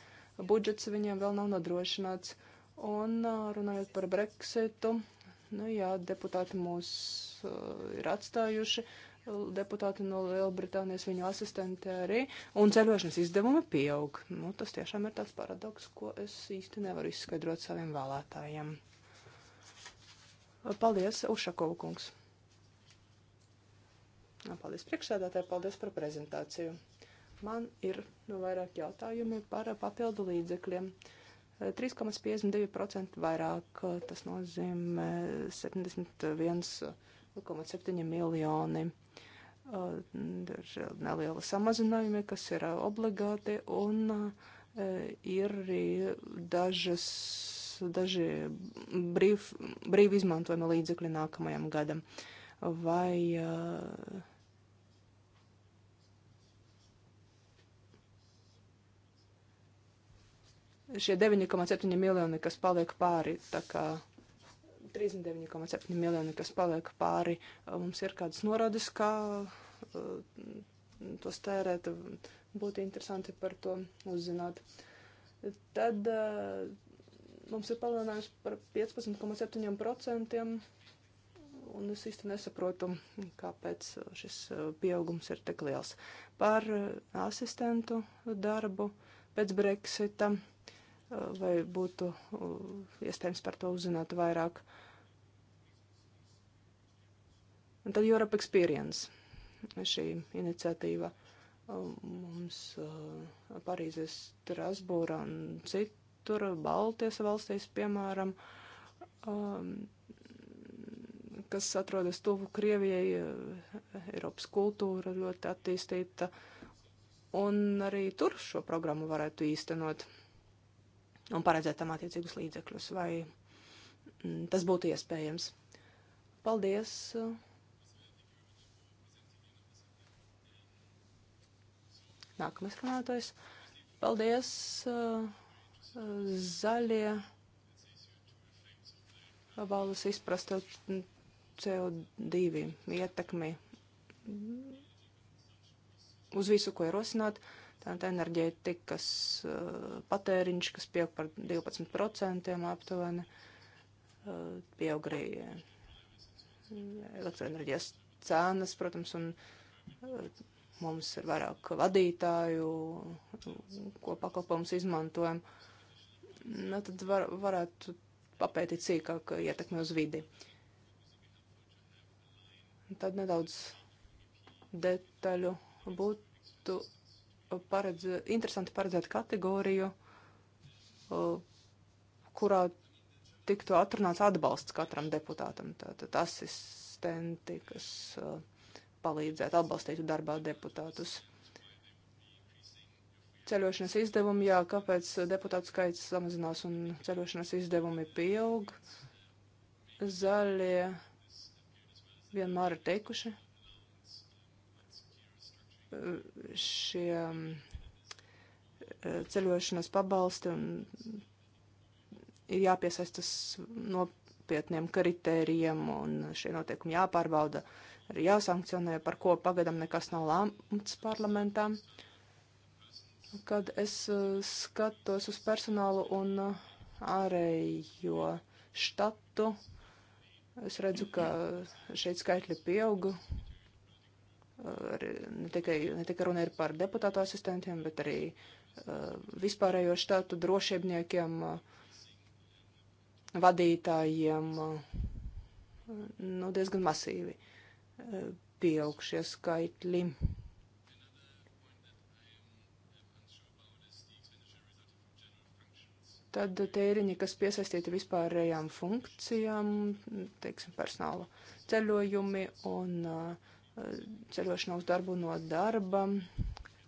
budžets viņiem vēl nav nodrošināts. Un uh, runājot par Brexitu, nu jā, deputāti mūs uh, ir atstājuši. Uh, deputāti no Lielbritānijas, viņu asistenti arī, un ceļošanas izdevumi pieaug. Nu, tas tiešām ir tāds paradoks, ko es īsti nevaru izskaidrot saviem vēlētājiem. Paldies, Ušakova kungs. Nu, paldies priekšsēdētāji, paldies par prezentāciju. Man ir nu, vairāk jautājumi par papildu līdzekļiem. 3,52% vairāk, tas nozīmē 71 1,7 miljoni. Uh, ir nelieli samazinājumi, kas ir uh, obligāti, un uh, ir arī dažas, daži brīv, brīvi izmantojami līdzekļi nākamajam gadam. Vai šie 9,7 miljoni, kas paliek pāri, tā kā 39,7 miljoni, kas paliek pāri. Eh, mums ir kādas norādes, kā eh, tos tērēt. Būtu interesanti par to uzzināt. Tad eh, mums ir palielinājums par 15,7%, un es īsti nesaprotu, kāpēc šis pieaugums ir tik liels. Par asistentu darbu pēc Brexita vai būtu iespējams par to uzzināt vairāk. Uh, Un tad Europe Experience šī iniciatīva um, mums uh, Parīzes, Strasbūra un citur Baltijas valstīs, piemēram, um, kas atrodas tuvu Krievijai, uh, Eiropas kultūra ļoti attīstīta, un arī tur šo programmu varētu īstenot un paredzēt tam attiecīgus līdzekļus, vai mm, tas būtu iespējams. Paldies! Uh, Nākamais runātājs. Paldies, uh, zaļie. Vēlas izprast CO2 ietekmi uz visu, ko ierosināt. Tātad enerģētikas uh, patēriņš, kas pieaug par 12% aptuveni, uh, pieaug arī elektroenerģijas cenas, protams, un Mums ir vairāk vadītāju, ko pakalpojums izmantojam. Nu, tad var, varētu papētīt sīkāk ietekmi uz vidi. Tad nedaudz detaļu būtu paredz, interesanti paredzēt kategoriju, kurā tiktu atrunāts atbalsts katram deputātam. Tātad asistenti, kas uh, palīdzētu, atbalstītu darbā deputātus. Ceļošanas izdevumi, jā, kāpēc deputātu skaits samazinās un ceļošanas izdevumi pieaug? Zaļie vienmēr ir teikuši šie mm, ceļošanas pabalsti un ir jāpiesaistas nopietniem kritērijiem un šie noteikumi jāpārbauda. Uh, ir jāsankcionē, par ko pagadam nekas nav lēmts parlamentā. Kad es uh, skatos uz personālu un uh, ārējo štatu, es redzu, ka uh, šeit skaitļi pieauga. Ne tikai, ne tikai runa ir par deputātu asistentiem, bet arī vispārējo štatu drošībniekiem, vadītājiem, nu, diezgan masīvi pieaugšie skaitļi. Tad tēriņi, kas piesaistīti vispārējām funkcijām, teiksim, personāla ceļojumi un eh, ceļošana uz darbu no darba,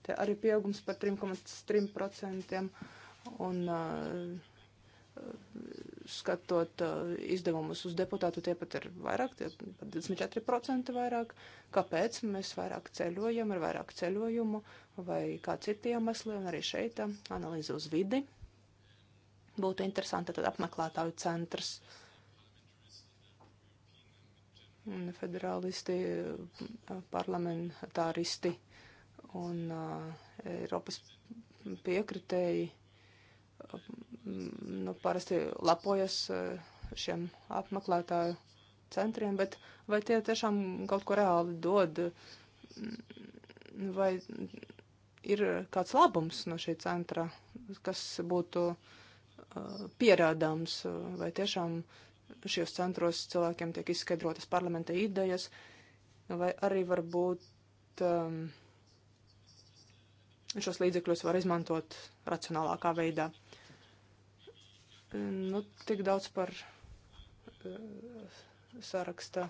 te arī pieaugums par 3,3% un uh, skatot eh, izdevumus uz deputātu, tie pat ir vairāk, tie pat 24% vairāk. Kāpēc mēs vairāk ceļojam, ir vairāk ceļojumu vai kā citi iemesli, un arī šeit eh, analīze uz vidi. Būtu interesanti tad apmeklētāju centrs. Federālisti, eh, parlamentāristi un uh, Eiropas piekritēji uh, Mm, nu, parasti lepojas eh, šiem apmeklētāju centriem, bet vai tie tiešām kaut ko reāli dod, mm, vai ir kāds labums no šī centra, kas būtu uh, pierādāms, vai tiešām šajos centros cilvēkiem tiek izskaidrotas parlamenta idejas, vai arī varbūt um, šos līdzekļus var izmantot racionālākā veidā. Nu, tik daudz par eh, saraksta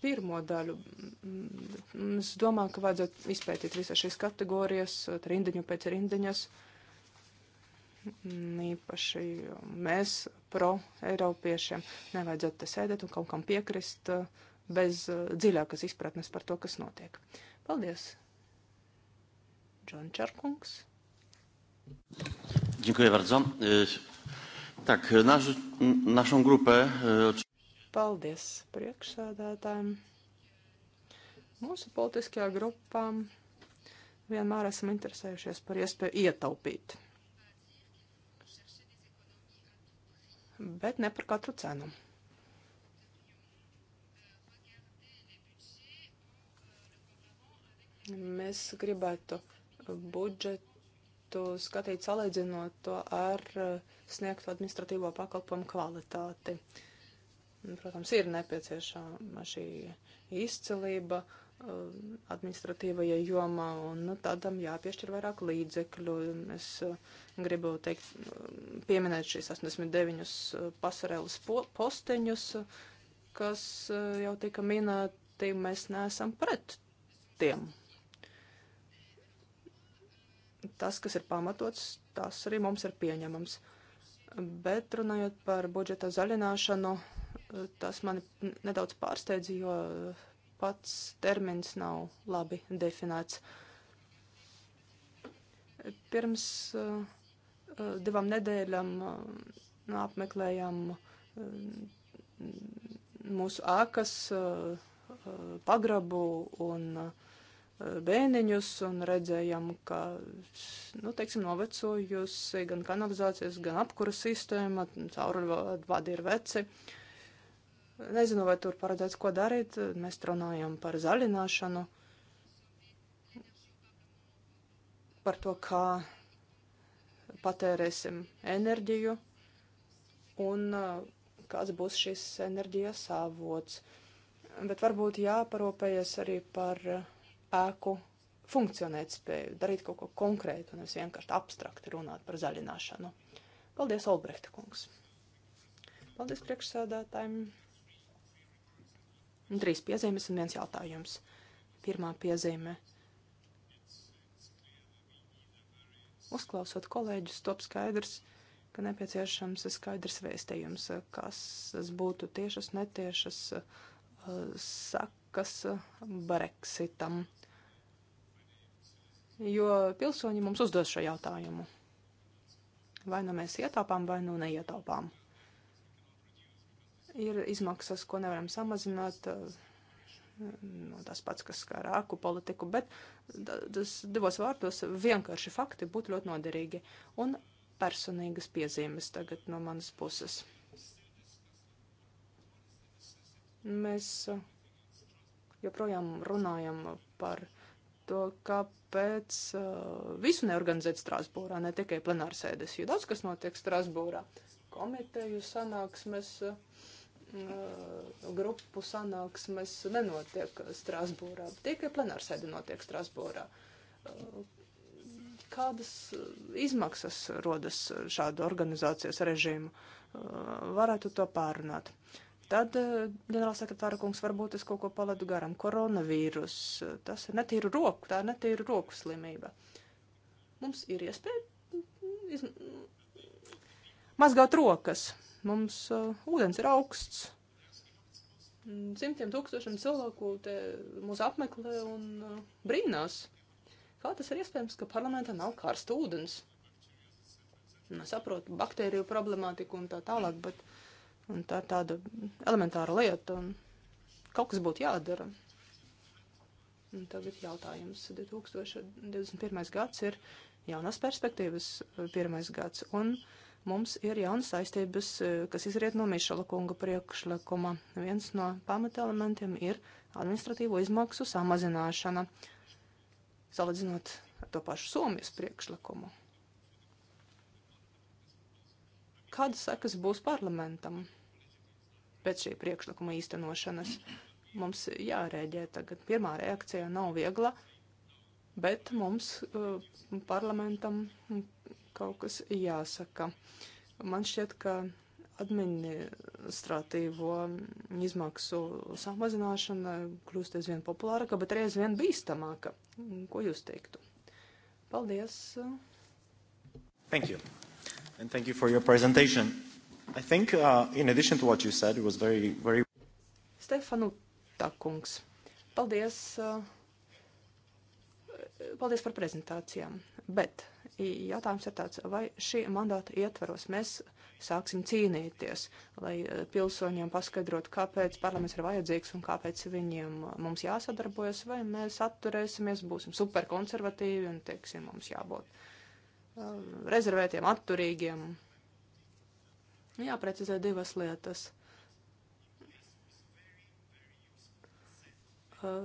pirmo daļu. Mm, es domāju, ka vajadzētu izpētīt visas šīs kategorijas, eh, rindiņu pēc rindiņas. Mm, īpaši mēs, pro-eiropiešiem, nevajadzētu te sēdēt un kaut kam piekrist eh, bez dziļākas izpratnes par to, kas notiek. Paldies! Džon Čarkungs. Dziękuję bardzo. Tak, naš, našom grupē. Paldies priekšsēdētājiem. Mūsu politiskajā grupā vienmēr esam interesējušies par iespēju ietaupīt. Bet ne par katru cenu. Mēs gribētu budžetu tiktu skatīt salīdzinot to ar eh, sniegto administratīvo pakalpojumu kvalitāti. Protams, ir nepieciešama šī izcilība eh, administratīvajai jomā, un nu, tādam jāpiešķir vairāk līdzekļu. Es eh, gribu teikt, mm, pieminēt šīs 89 pasarēlas po posteņus, kas jau tika minēti, mēs neesam pret tiem tas, kas ir pamatots, tas arī mums ir pieņemams. Bet runājot par budžeta zaļināšanu, tas mani nedaudz pārsteidz, jo pats termins nav labi definēts. Pirms uh, divām nedēļām uh, apmeklējām uh, mūsu ēkas, pagrabu un uh, bēniņus un redzējām, ka, nu, teiksim, novecojusi gan kanalizācijas, gan apkura sistēma, cauruļvadi ir veci. Nezinu, vai tur paredzēts, ko darīt. Mēs runājam par zaļināšanu, par to, kā patērēsim enerģiju un uh, kāds būs šis enerģijas avots. Bet varbūt jāparūpējas arī par uh, spēku funkcionēt spēju, darīt kaut ko konkrētu, nevis vienkārši abstrakti runāt par zaļināšanu. Paldies, Olbrehta kungs! Paldies priekšsēdētājiem! Trīs piezīmes un viens jautājums. Pirmā piezīme. Uzklausot kolēģus, top skaidrs, ka nepieciešams skaidrs vēstījums, kas būtu tiešas, netiešas sakas Brexitam jo pilsoņi mums uzdos šo jautājumu. Vai nu mēs ietaupām, vai nu neietaupām. Ir izmaksas, ko nevaram samazināt, nu, tas pats, kas skar ēku politiku, bet tas divos vārdos vienkārši fakti būtu ļoti noderīgi. Un personīgas piezīmes tagad no manas puses. Mēs joprojām runājam par to, kāpēc uh, visu neorganizēt Strasbūrā, ne tikai plenārsēdes, jo daudz kas notiek Strasbūrā. Komiteju sanāksmes, uh, grupu sanāksmes nenotiek Strasbūrā, tikai plenārsēde notiek Strasbūrā. Uh, kādas uh, izmaksas rodas šādu organizācijas režīmu? Uh, varētu to pārunāt. Uh, Tad, eh, ģenerālsekretāra kungs, varbūt es kaut ko paladu garam. Koronavīrus, eh, tas ir netīra roku, tā ir netīra roku slimība. Mums ir iespēja mm, iz... mazgāt rokas. Mums uh, ūdens ir augsts. Simtiem tūkstošiem cilvēku te mūs apmeklē un uh, brīnās. Kā tas ir iespējams, ka parlamentā nav karsta ūdens? Un es saprotu baktēriju problemātiku un tā tālāk, bet. Uh, Un tā ir tāda elementāra lieta. Kaut kas būtu jādara. Un tagad jautājums. 2021. gads ir jaunās perspektīvas eh, pirmais gads. Un mums ir jaunas saistības, eh, kas izriet no Mišela kunga priekšlikuma. Viens no pamatelementiem ir administratīvo izmaksu samazināšana. Salīdzinot ar to pašu Somijas priekšlikumu. Kādas sekas būs parlamentam? pēc šī priekšlikuma īstenošanas. Mums jārēģē tagad. Pirmā reakcija nav viegla, bet mums uh, parlamentam kaut kas jāsaka. Man šķiet, ka administratīvo izmaksu samazināšana kļūst aizvien populārāka, bet arī aizvien bīstamāka. Ko jūs teiktu? Paldies! Thank you. And thank you for your presentation. I think, uh, in addition to what you said, it was very, very... Stefanu Takungs, paldies, uh, paldies par prezentācijām, bet jautājums ir tāds, vai šī mandāta ietvaros mēs sāksim cīnīties, lai uh, pilsoņiem paskaidrot, kāpēc parlaments ir vajadzīgs un kāpēc viņiem mums jāsadarbojas, vai mēs atturēsimies, būsim superkonservatīvi un, teiksim, mums jābūt um, rezervētiem, atturīgiem. Nu jāprecizē divas lietas.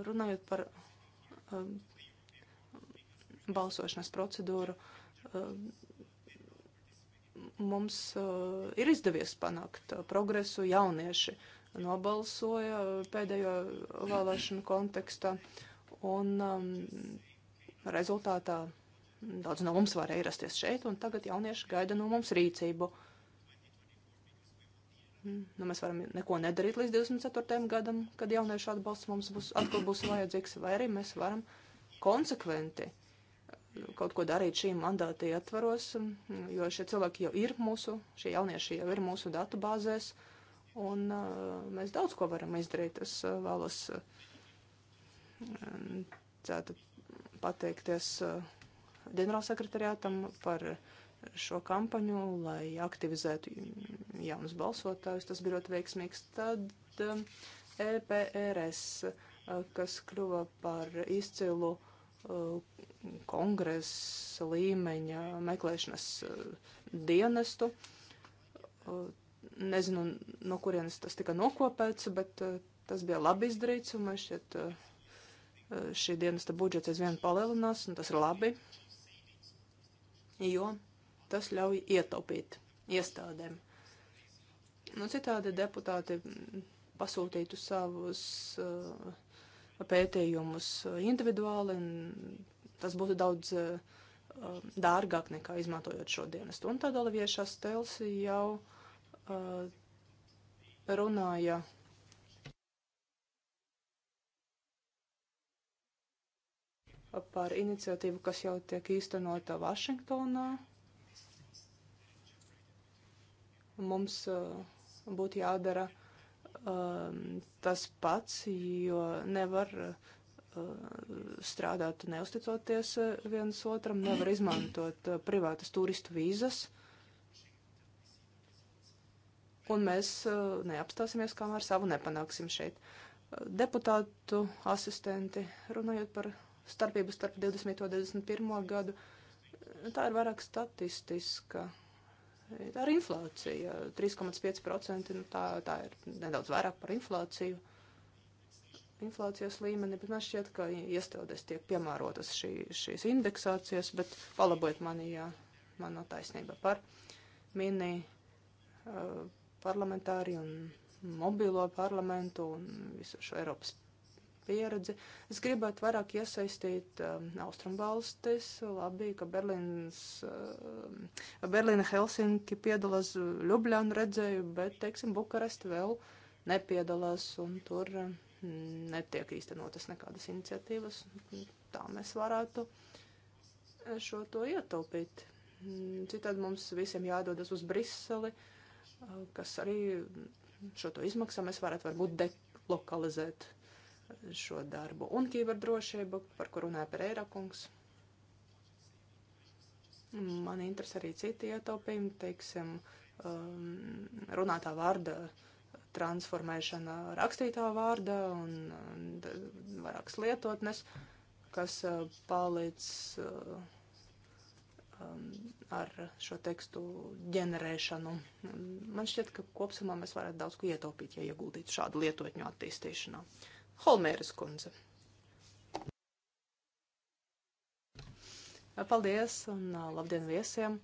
Runājot par um, balsošanas procedūru, um, mums uh, ir izdevies panākt progresu. Jaunieši nobalsoja pēdējo vēlēšanu kontekstā, un um, rezultātā daudz no mums varēja ierasties šeit, un tagad jaunieši gaida no mums rīcību. Uh, Nu, mēs varam neko nedarīt līdz 24. gadam, kad jauniešu atbalsts mums būs, atkal būs vajadzīgs, vai arī mēs varam konsekventi uh, kaut ko darīt šī mandāta ietvaros, um, jo šie cilvēki jau ir mūsu, šie jaunieši jau ir mūsu datu bāzēs, un uh, mēs daudz ko varam izdarīt. Es uh, vēlos cētu pateikties ģenerālsekretariātam par šo kampaņu, lai aktivizētu jaunus balsotājus, tas bija ļoti veiksmīgs. Tad um, EPRS, uh, kas kļuva par izcilu uh, kongresa līmeņa meklēšanas uh, dienestu. Uh, nezinu, no kurienes tas tika nokopēts, bet uh, tas bija labi izdarīts, un man šķiet, uh, uh šī dienesta budžets aizvien palielinās, un tas ir labi, jo tas ļauj ietaupīt iestādēm. Uh, Nu, citādi deputāti pasūtītu savus uh, pētījumus individuāli, un tas būtu daudz uh, um, dārgāk nekā izmantojot šo dienestu. Un tad Olivie Šastels jau uh, runāja. par iniciatīvu, kas jau tiek īstenota Vašingtonā. Mums uh, būtu jādara um, tas pats, jo nevar uh, strādāt neusticoties uh, viens otram, nevar izmantot uh, privātas turistu vīzas. Un mēs neapstāsimies, kamēr savu nepanāksim šeit. Deputātu asistenti, runājot par starpību starp 20. un 21. gadu, tā ir vairāk statistiska ar inflāciju. 3,5% nu, tā, tā ir nedaudz vairāk par inflāciju. Inflācijas līmeni, bet man šķiet, ka iestādes tiek piemērotas šī, šīs indeksācijas, bet palabojiet mani, ja man nav taisnība par mini uh, parlamentāri un mobilo parlamentu un visu šo Eiropas pieredzi. Es gribētu vairāk iesaistīt um, austrumvalstis. Labi, ka Berlīns, uh, Berlīna Helsinki piedalās Ljubljānu redzēju, bet, teiksim, Bukaresti vēl nepiedalās un tur um, netiek īstenotas nekādas iniciatīvas. Tā mēs varētu uh, šo to ietaupīt. Mm, citādi mums visiem jādodas uz Briseli, uh, kas arī mm, šo to izmaksā mēs varētu varbūt delokalizēt šo darbu un kiberdrošību, par kuru runāja Pereira kungs. Man interesē arī citi ietaupījumi, teiksim, um, runātā vārda transformēšana rakstītā vārda un, un vairākas lietotnes, kas uh, palīdz uh, um, ar šo tekstu ģenerēšanu. Man šķiet, ka kopsumā mēs varētu daudz ko ietaupīt, ja ieguldītu šādu lietotņu attīstīšanā. Uh, Holmēras kundze. Paldies un labdien viesiem!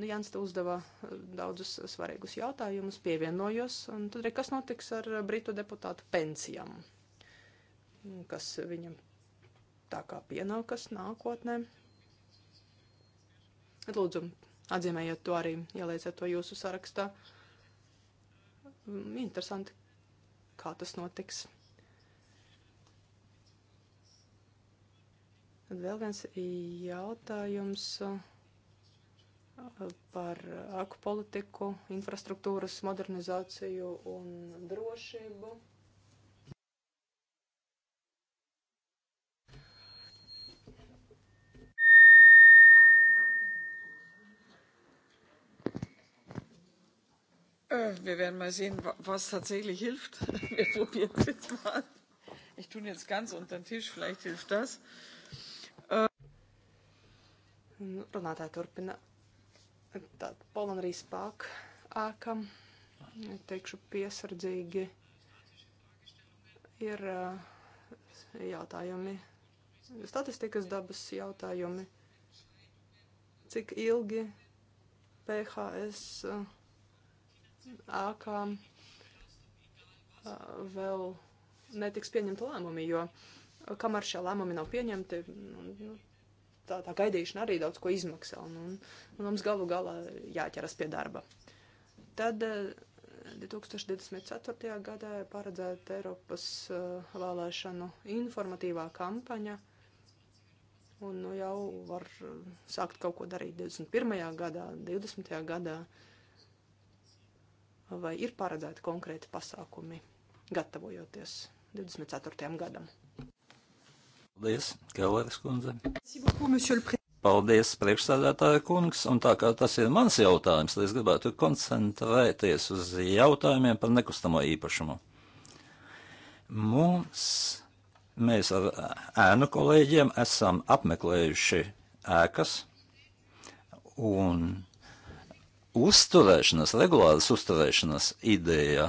Nu, Jans te uzdeva daudzus svarīgus jautājumus, pievienojos, un tad arī kas notiks ar britu deputātu pensijām, kas viņam tā kā pienākas nākotnē. Lūdzu, atzīmējiet to arī, ielieciet to jūsu sarakstā. Mm, interesanti, kā tas notiks. Tad vēl viens jautājums uh, par aku politiku, infrastruktūras modernizāciju un drošību. Äh, wir werden mal sehen, was tatsächlich hilft. <laughs> Wir probieren es jetzt mal. Ich tue jetzt ganz unter den Tisch, vielleicht hilft das. Äh, Runātāja turpina. Tad Polan arī spāk ākam. Teikšu piesardzīgi. Ir jautājumi, statistikas dabas jautājumi. Cik ilgi PHS ākā vēl netiks pieņemta lēmumi, jo kamēr šie lēmumi nav pieņemti, nu, nu tā, tā gaidīšana arī daudz ko izmaksā, un, un, un mums galu galā jāķeras pie darba. Tad 2024. Eh, gadā ir paredzēta Eiropas uh, vēlēšanu informatīvā kampaņa, un nu, jau var sākt kaut ko darīt 21. gadā, 20. gadā, vai ir paredzēti konkrēti pasākumi, gatavojoties 24. gadam. Paldies, Kelleris kundze. Paldies, priekšsēdētāja kungs, un tā kā tas ir mans jautājums, tad es gribētu koncentrēties uz jautājumiem par nekustamo īpašumu. Mums, mēs ar ēnu kolēģiem esam apmeklējuši ēkas, un uzturēšanas, regulāras uzturēšanas ideja,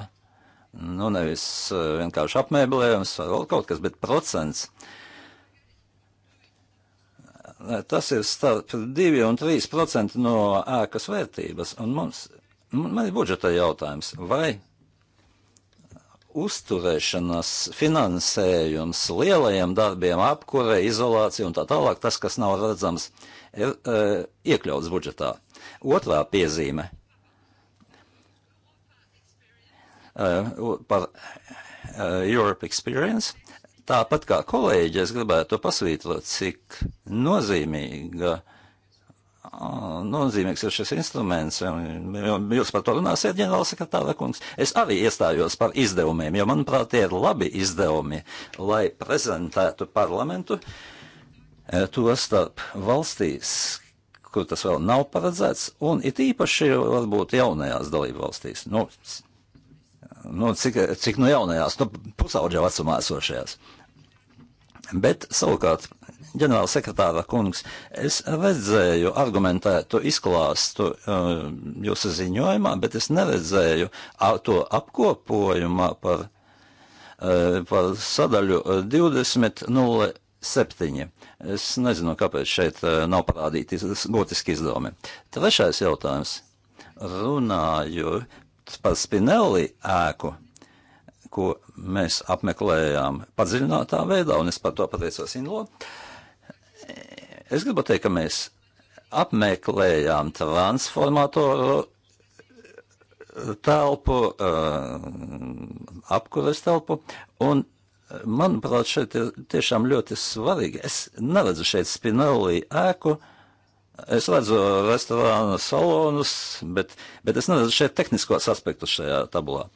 nu nevis eh, vienkārši apmēblējums vai vēl kaut kas, bet procents tas ir starp 2 un 3 procenti no ēkas vērtības. Un mums, man ir budžeta jautājums, vai uzturēšanas finansējums lielajiem darbiem, apkure, izolācija un tā tālāk, tas, kas nav redzams, ir e, iekļauts budžetā. Otrā piezīme e, par e, Europe Experience. Tāpat kā kolēģi, es gribētu pasvītrot, cik nozīmīga, nozīmīgs ir šis instruments, un jūs par to runāsiet, ģenerāla sekretāra kungs. Es arī iestājos par izdevumiem, jo, manuprāt, tie ir labi izdevumi, lai prezentētu parlamentu e, to starp valstīs, kur tas vēl nav paredzēts, un it īpaši varbūt jaunajās dalību valstīs. Nu, nu, cik, cik nu jaunajās, nu, pusauģa vecumā esošajās. Bet savukārt, ģenerāla sekretāra kungs, es redzēju argumentētu izklāstu uh, jūsu ziņojumā, bet es neredzēju to apkopojumā par, uh, par sadaļu 20.07. Uh, es nezinu, kāpēc šeit uh, nav parādīti gotiski izdomi. Trešais jautājums. Runāju par Spinelli ēku ko mēs apmeklējām padziļinātā veidā, un es par to pateicos Inlo. Es gribu teikt, ka mēs apmeklējām transformatoru telpu, apkuves telpu, un manuprāt, šeit ir tiešām ļoti svarīgi. Es neredzu šeit spinelli ēku, es redzu restorānu salonus, bet, bet es neredzu šeit tehniskos aspektus šajā tabulā.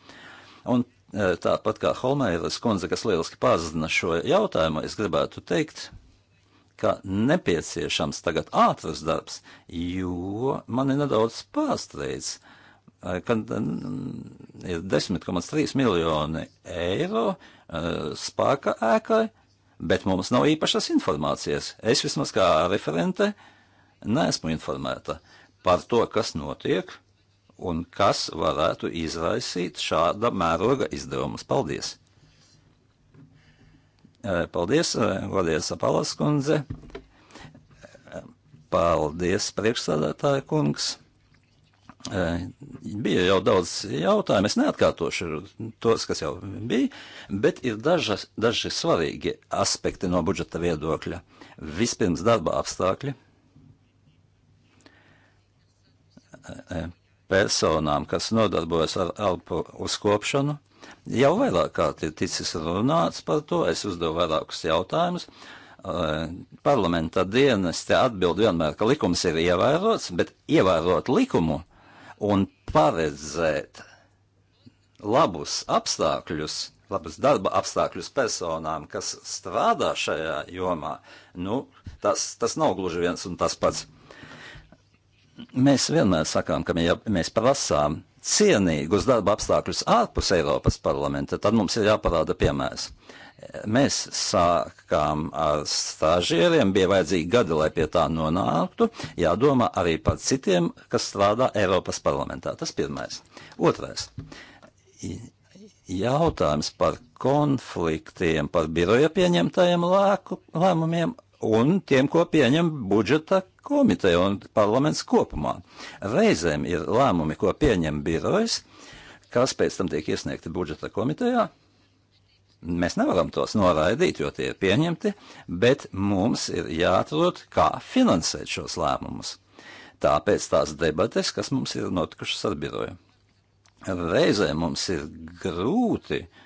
Un Tāpat kā Holmēras kundze, kas lieliski pazina šo jautājumu, es gribētu teikt, ka nepieciešams tagad ātrs darbs, jo mani nedaudz pārsteidz, ka ir 10,3 miljoni eiro spēka ēkai, bet mums nav īpašas informācijas. Es vismaz kā referente neesmu informēta par to, kas notiek un kas varētu izraisīt šāda mēroga izdevumus. Paldies! Paldies, Vadies Apalas kundze! Paldies, priekšstādātāja kungs! Bija jau daudz jautājumu, es neatkārtošu tos, kas jau bija, bet ir dažas, daži svarīgi aspekti no budžeta viedokļa. Vispirms darba apstākļi, personām, kas nodarbojas ar elpu uzkopšanu. Jau vairāk kārt ir ticis runāts par to, es uzdevu vairākus jautājumus. Uh, parlamenta dienesti atbild vienmēr, ka likums ir ievērots, bet ievērot likumu un paredzēt labus apstākļus, labus darba apstākļus personām, kas strādā šajā jomā, nu, tas, tas nav gluži viens un tas pats. Mēs vienmēr sakām, ka ja mēs prasām cienīgus darba apstākļus ārpus Eiropas parlamenta, tad mums ir jāparāda piemērs. Mēs sākām ar stāžieriem, bija vajadzīgi gadi, lai pie tā nonāktu. Jādomā arī par citiem, kas strādā Eiropas parlamentā. Tas pirmais. Otrais. Jautājums par konfliktiem, par biroja pieņemtajiem lēku, lēmumiem un tiem, ko pieņem budžeta komiteja un parlaments kopumā. Reizēm ir lēmumi, ko pieņem birojas, kas pēc tam tiek iesniegti budžeta komitejā. Mēs nevaram tos noraidīt, jo tie ir pieņemti, bet mums ir jāatrod, kā finansēt šos lēmumus. Tāpēc tās debates, kas mums ir notikušas ar biroju. Reizēm mums ir grūti uh,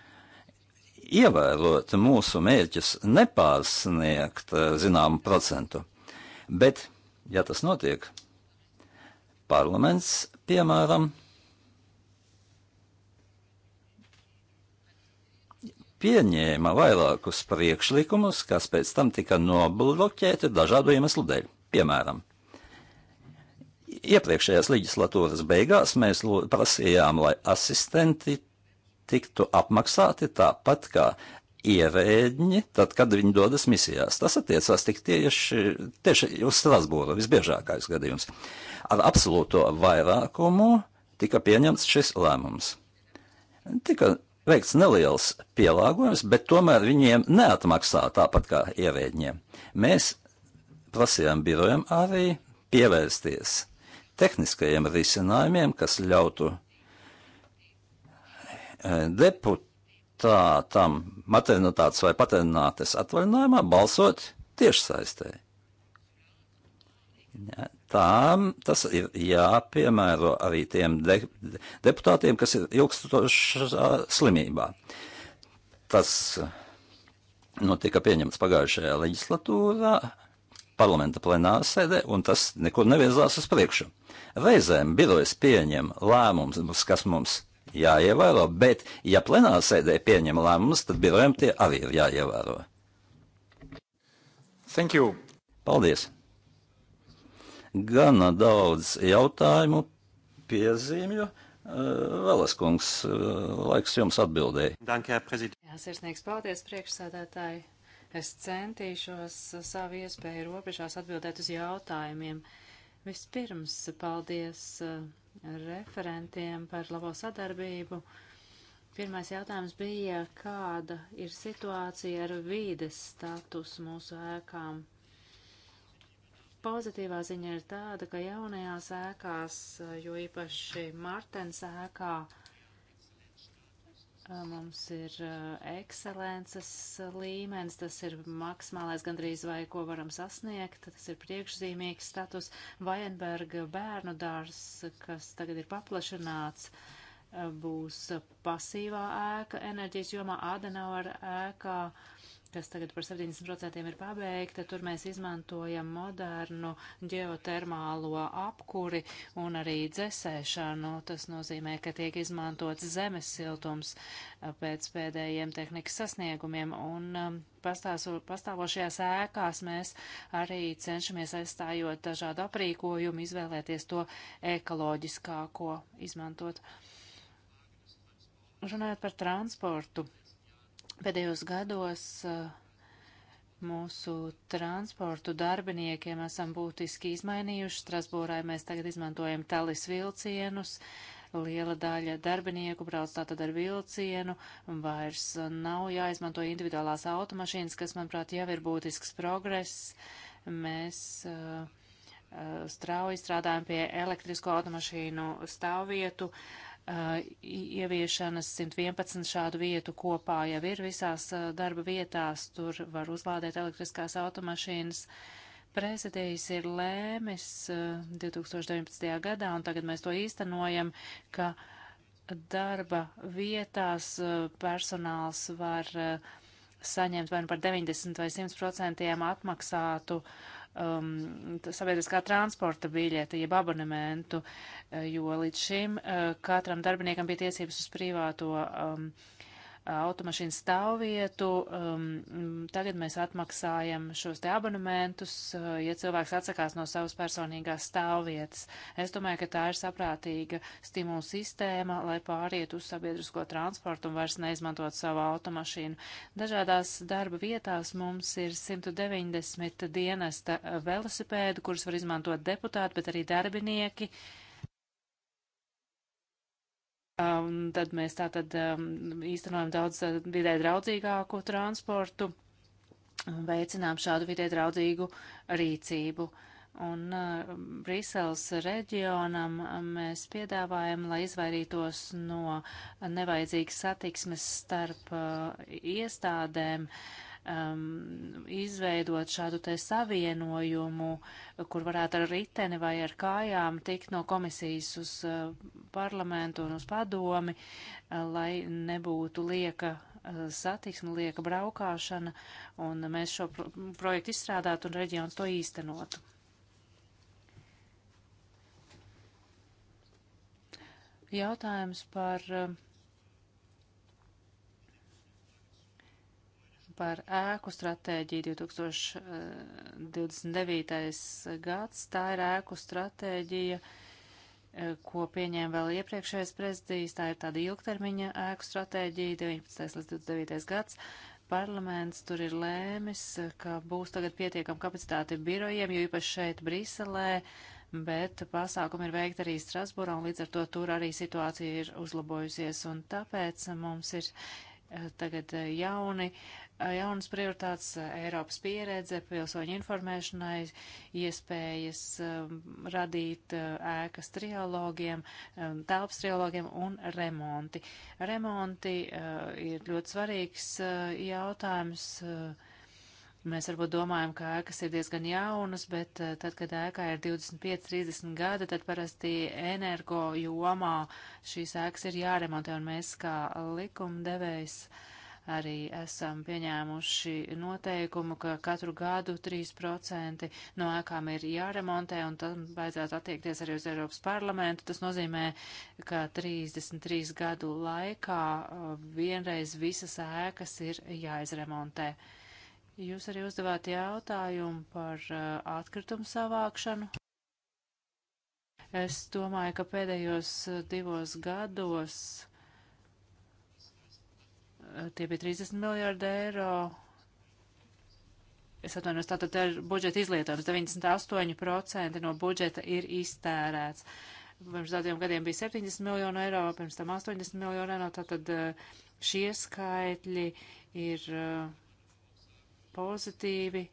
ievērot mūsu mērķus, nepārsniegt eh, zināmu procentu. Bet, ja tas notiek, parlaments, piemēram, pieņēma vairākus priekšlikumus, kas pēc tam tika nobloķēti dažādu iemeslu dēļ. Piemēram, iepriekšējās leģislatūras beigās mēs prasījām, lai asistenti tiktu apmaksāti tāpat kā ierēģi, tad, kad viņi dodas misijās. Tas attiecās tik tieši, tieši uz Strasbūru, visbiežākais gadījums. Ar absolūto vairākumu tika pieņemts šis lēmums. Tika veikts neliels pielāgojums, bet tomēr viņiem neatmaksā tāpat kā ierēģiem. Mēs prasījām birojam arī pievērsties tehniskajiem risinājumiem, kas ļautu Eh, deputātam maternitātes vai paternitātes atvaļinājumā balsot tiešsaistē. Ja, tām tas ir jāpiemēro arī tiem de, de, deputātiem, kas ir ilgstošā slimībā. Tas eh, notika pieņemts pagājušajā leģislatūrā, parlamenta plenāra sēdē, un tas nekur nevirzās uz priekšu. Reizēm birojas pieņem lēmumus, kas mums jāievēro, bet, ja plenārsēdē pieņem lēmumus, tad birojam tie arī ir jāievēro. Thank you. Paldies. Gana daudz jautājumu, piezīmju. Eh, Vēlas kungs, eh, laiks jums atbildēja. Dankē, prezident. Jā, sirsnīgs paldies, priekšsādātāji. Es centīšos savu iespēju robežās atbildēt uz jautājumiem. Vispirms, paldies uh, referentiem par labo sadarbību. Pirmais jautājums bija, kāda ir situācija ar vīdes status mūsu ēkām. Pozitīvā ziņa ir tāda, ka jaunajās ēkās, jo īpaši Martens ēkā, uh, Mums ir ekscelences līmenis, tas ir maksimālais gandrīz vai ko varam sasniegt, tas ir priekšzīmīgs status. Vajenberga bērnu dārs, kas tagad ir paplašināts, būs pasīvā ēka enerģijas jomā, Adenauer ēkā. Uh, kas tagad par 70% ir pabeigta, tur mēs izmantojam modernu geotermālo apkuri un arī dzesēšanu. Tas nozīmē, ka tiek izmantots zemes siltums uh, pēc pēdējiem tehnikas sasniegumiem un um, pastāso, pastāvošajās ēkās mēs arī cenšamies aizstājot dažādu aprīkojumu, izvēlēties to ekoloģiskāko izmantot. Runājot par transportu Pēdējos gados eh, mūsu transportu darbiniekiem esam būtiski izmainījuši. Strasbūrā mēs tagad izmantojam talis vilcienus. Liela daļa darbinieku brauc tātad ar vilcienu, vairs nav jāizmanto individuālās automašīnas, kas, manuprāt, jau ir būtisks progress. Mēs uh, strauji strādājam pie elektrisko automašīnu stāvvietu uh, ieviešanas 111 šādu vietu kopā jau ir visās darba vietās, tur var uzlādēt elektriskās automašīnas. Prezidijs ir lēmis 2019. gadā, un tagad mēs to īstenojam, ka darba vietās personāls var uh, saņemt vai nu par 90 vai 100 procentiem atmaksātu um, sabiedriskā transporta biļeti, jeb abonementu, uh, jo līdz šim uh, katram darbiniekam bija tiesības uz privāto um, uh, automašīnu stāvvietu, um, tagad mēs atmaksājam šos te abonementus, uh, ja cilvēks atsakās no savas personīgās stāvvietas. Es domāju, ka tā ir saprātīga stimulu sistēma, lai pāriet uz sabiedrisko transportu un vairs neizmantot savu automašīnu. Dažādās darba vietās mums ir 190 dienesta velosipēdu, kurus var izmantot deputāti, bet arī darbinieki. Uh, Un um, tad mēs tātad um, īstenojam daudz uh, vidē draudzīgāku transportu, um, veicinām šādu vidē draudzīgu rīcību. Un uh, Brīseles reģionam mēs piedāvājam, lai izvairītos no nevajadzīgas satiksmes starp uh, iestādēm. Uh, um, izveidot šādu te savienojumu, kur varētu ar riteni vai ar kājām tikt no komisijas uz uh, parlamentu un uz padomi, uh, lai nebūtu lieka uh, satiksme, lieka braukāšana, un mēs šo pro projektu izstrādātu un reģions to īstenotu. Jautājums par uh, par ēku stratēģiju 2029. Eh, gads. Tā ir ēku stratēģija, eh, ko pieņēma vēl iepriekšējais prezidijs. Tā ir tāda ilgtermiņa ēku stratēģija 19. līdz 29. gads. Parlaments tur ir lēmis, ka būs tagad pietiekama kapacitāte birojiem, jo īpaši šeit Briselē, bet pasākumi ir veikti arī Strasbūrā, un līdz ar to tur arī situācija ir uzlabojusies, un tāpēc mums ir eh, tagad jauni Eh, jaunas prioritātes, eh, Eiropas pieredze, pilsoņu informēšanai, iespējas eh, radīt ēkas trialogiem, telpas trialogiem un remonti. Remonti ir ļoti svarīgs jautājums. Mēs varbūt domājam, ka ēkas ir diezgan jaunas, bet tad, kad ēkā ir 25-30 gadi, tad parasti energo jomā šīs ēkas ir jāremontē, un mēs kā likumdevējs uh, Arī esam pieņēmuši noteikumu, ka katru gadu 3% no ēkām ir jāremontē, un tam vajadzētu attiekties arī uz Eiropas parlamentu. Tas nozīmē, ka 33 gadu laikā uh, vienreiz visas ēkas ir jāizremontē. Jūs arī uzdevāt jautājumu par uh, atkritumu savākšanu. Es domāju, ka pēdējos uh, divos gados tie bija 30 miljārdi eiro. Es atvainojos, tātad ir budžeta izlietojums. 98% no budžeta ir iztērēts. Pirms daudziem gadiem bija 70 miljonu eiro, pirms tam 80 miljonu eiro. Tātad eh, šie skaitļi ir eh, pozitīvi,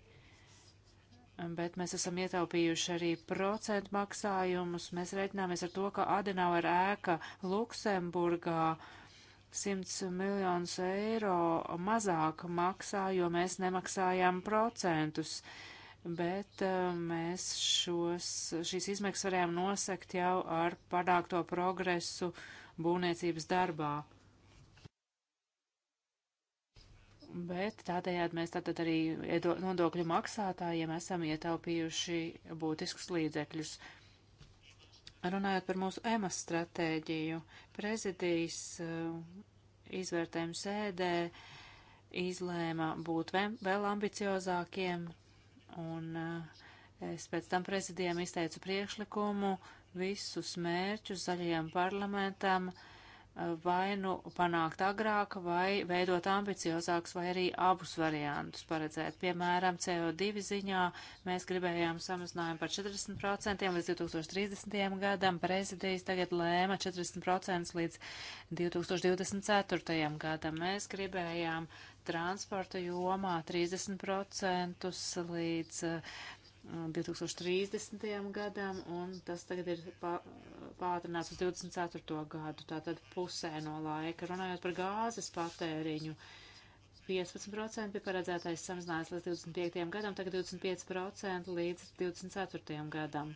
bet mēs esam ietaupījuši arī procentu maksājumus. Mēs reiķināmies ar to, ka Adenauer ēka Luksemburgā uh, 100 miljonus eiro mazāk maksā, jo mēs nemaksājām procentus, bet eh, mēs šos, šīs izmaksas varējām nosekt jau ar panākto progresu būvniecības darbā. Bet tādējādi mēs tātad arī nodokļu maksātājiem esam ietaupījuši būtiskus līdzekļus. Runājot par mūsu EMAS stratēģiju, prezidijas eh, izvērtējuma sēdē izlēma būt vēl ambiciozākiem, un eh, es pēc tam prezidijam izteicu priekšlikumu visus mērķus zaļajam parlamentam uh, vai nu panākt agrāk, vai veidot ambiciozāks, vai arī abus variantus paredzēt. Piemēram, CO2 ziņā mēs gribējām samazinājumu par 40% līdz 2030. gadam, prezidijas tagad lēma 40% līdz 2024. gadam. Mēs gribējām transporta jomā 30% līdz 2030. gadam, un tas tagad ir pātrināts uz 24. gadu, tātad pusē no laika. Runājot par gāzes patēriņu, 15% bija paredzētais samazinājums līdz 25. gadam, tagad 25% līdz 24. gadam.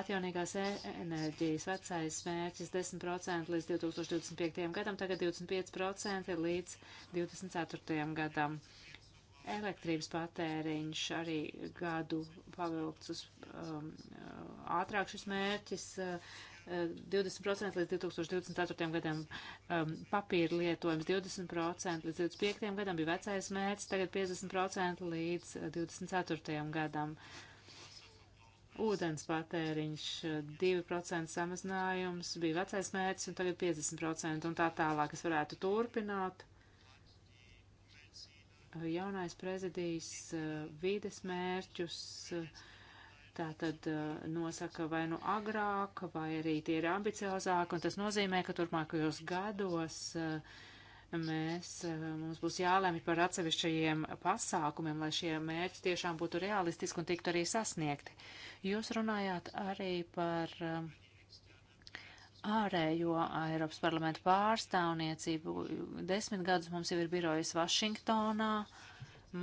Atjaunīgās e enerģijas vecais mērķis 10% līdz 2025. gadam, tagad 25% līdz 24. gadam elektrības patēriņš arī gadu pavilkts uz um, ātrāk šis mērķis. Uh, 20% līdz 2024. gadam um, papīra lietojums, 20% līdz 25. gadam bija vecais mērķis, tagad 50% līdz 24. gadam. Ūdens patēriņš, 2% samazinājums bija vecais mērķis un tagad 50% un tā tālāk. Es varētu turpināt jaunais prezidijs eh, vides mērķus eh, tātad eh, nosaka vai nu agrāk, vai arī tie ir ambiciozāk, un tas nozīmē, ka turpmākajos gados mēs, mums būs jālēmi par atsevišķajiem pasākumiem, lai šie mērķi tiešām būtu realistiski un tiktu arī sasniegti. Jūs runājāt arī par uh, ārējo Eiropas parlamentu pārstāvniecību. Desmit gadus mums jau ir birojas Vašingtonā.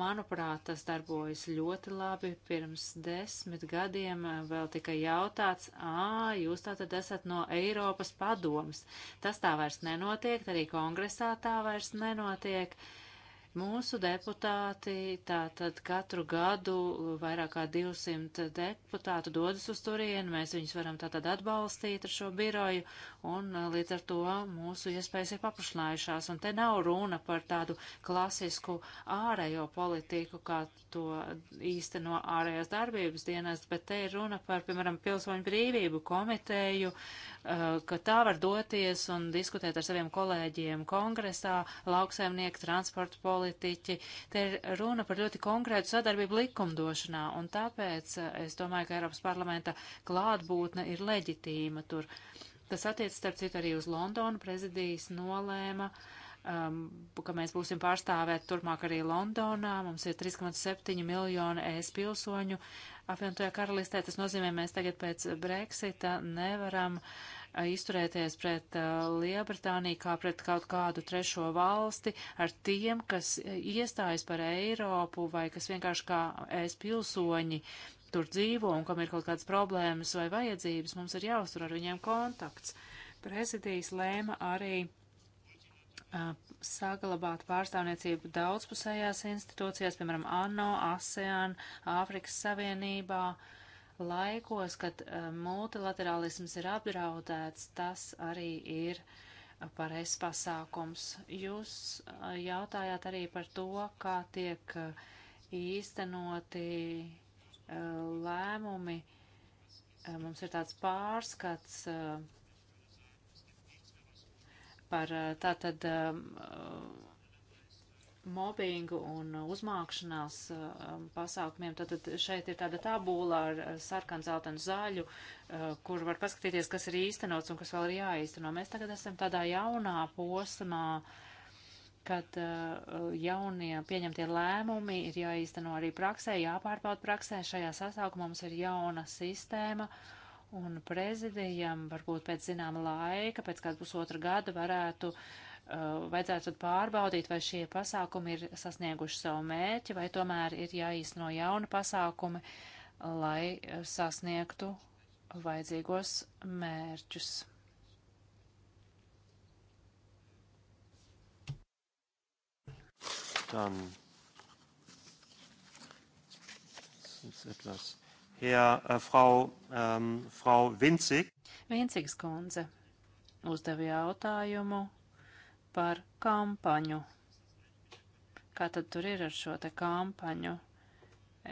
Manuprāt, tas darbojas ļoti labi. Pirms desmit gadiem vēl tika jautāts, ā, jūs tātad esat no Eiropas padomas. Tas tā vairs nenotiek, arī kongresā tā vairs nenotiek. Uh, Mūsu deputāti tātad katru gadu vairāk kā 200 deputātu dodas uz turienu, mēs viņus varam tātad atbalstīt ar šo biroju, un uh, līdz ar to mūsu iespējas ir paplašinājušās. Un te nav runa par tādu klasisku ārējo politiku, kā to īsteno ārējās darbības dienas, bet te ir runa par, piemēram, pilsoņu brīvību komiteju, uh, ka tā var doties un diskutēt ar saviem kolēģiem kongresā, lauksaimnieku transporta politiku politiķi. Te ir runa par ļoti konkrētu sadarbību likumdošanā, un tāpēc eh, es domāju, ka Eiropas parlamenta klātbūtne ir leģitīma tur. Tas attiec, starp citu, arī uz Londonu. Prezidijas nolēma uh, um, ka mēs būsim pārstāvēti turpmāk arī Londonā. Mums ir 3,7 miljoni ES pilsoņu apvienotajā karalistē. Tas nozīmē, mēs tagad pēc Brexita nevaram uh, izturēties pret uh, Lielbritāniju kā pret kaut kādu trešo valsti ar tiem, kas uh, iestājas par Eiropu vai kas vienkārši kā es pilsoņi tur dzīvo un kam ir kaut kādas problēmas vai vajadzības, mums ir jāuztur ar viņiem kontakts. Prezidijas lēma arī uh, saglabāt pārstāvniecību daudzpusējās institūcijās, piemēram, ANO, ASEAN, Āfrikas Savienībā, uh, laikos, kad eh, multilaterālisms ir apdraudēts, tas arī ir pareizs pasākums. Jūs eh, jautājāt arī par to, kā tiek eh, īstenoti lēmumi. Mums ir tāds pārskats par tātad mobingu un uzmākšanās uh, um, pasākumiem. Tātad šeit ir tāda tabula ar sarkanu, zeltainu, zaļu, uh, kur var paskatīties, kas ir īstenots un kas vēl ir jāīsteno. Mēs tagad esam tādā jaunā posmā, kad uh, jaunie pieņemtie lēmumi ir jāīsteno arī praksē, jāpārbauda praksē. Šajā sasaukumā mums ir jauna sistēma. Un prezidijam varbūt pēc zināma laika, pēc kāda pusotra gada varētu uh, Eh, vajadzētu pārbaudīt, vai šie pasākumi ir sasnieguši savu mērķi, vai tomēr ir jāīsno jauni pasākumi, lai eh, sasniegtu vajadzīgos mērķus. Dann ist etwas. Herr, äh, Frau, ähm, Frau Winzig. Winzigs kundze uzdeva jautājumu par kampaņu. Kā tad tur ir ar šo te kampaņu?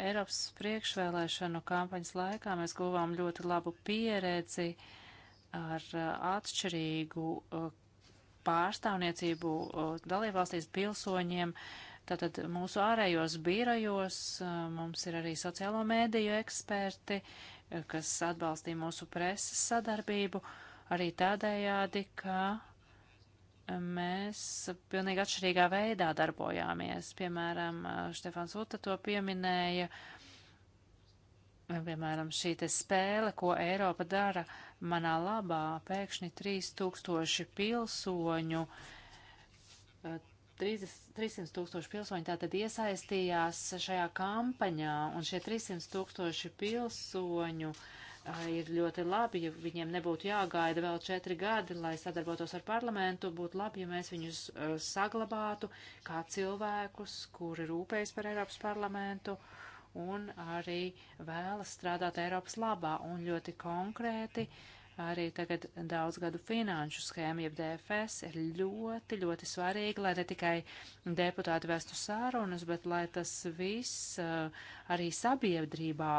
Eiropas priekšvēlēšanu kampaņas laikā mēs guvām ļoti labu pieredzi ar uh, atšķirīgu uh, pārstāvniecību uh, dalībvalstīs pilsoņiem. Tātad mūsu ārējos birojos mums ir arī sociālo mēdīju eksperti, kas atbalstīja mūsu preses sadarbību arī tādējādi, ka mēs pilnīgi atšķirīgā veidā darbojāmies. Piemēram, Štefāns Uta to pieminēja. Piemēram, šī te spēle, ko Eiropa dara manā labā, pēkšņi 3000 pilsoņu, 300 eh, tūkstoši pilsoņi tātad iesaistījās šajā kampaņā, un šie 300 tūkstoši pilsoņu uh, ir ļoti labi, ja viņiem nebūtu jāgaida vēl četri gadi, lai sadarbotos ar parlamentu. Būtu labi, ja mēs viņus eh, saglabātu kā cilvēkus, kuri rūpējas par Eiropas parlamentu un arī vēlas strādāt Eiropas labā un ļoti konkrēti Arī tagad daudzgadu finanšu schēma, jeb DFS, ir ļoti, ļoti svarīga, lai ne tikai deputāti vestu sārunas, bet lai tas viss uh, arī sabiedrībā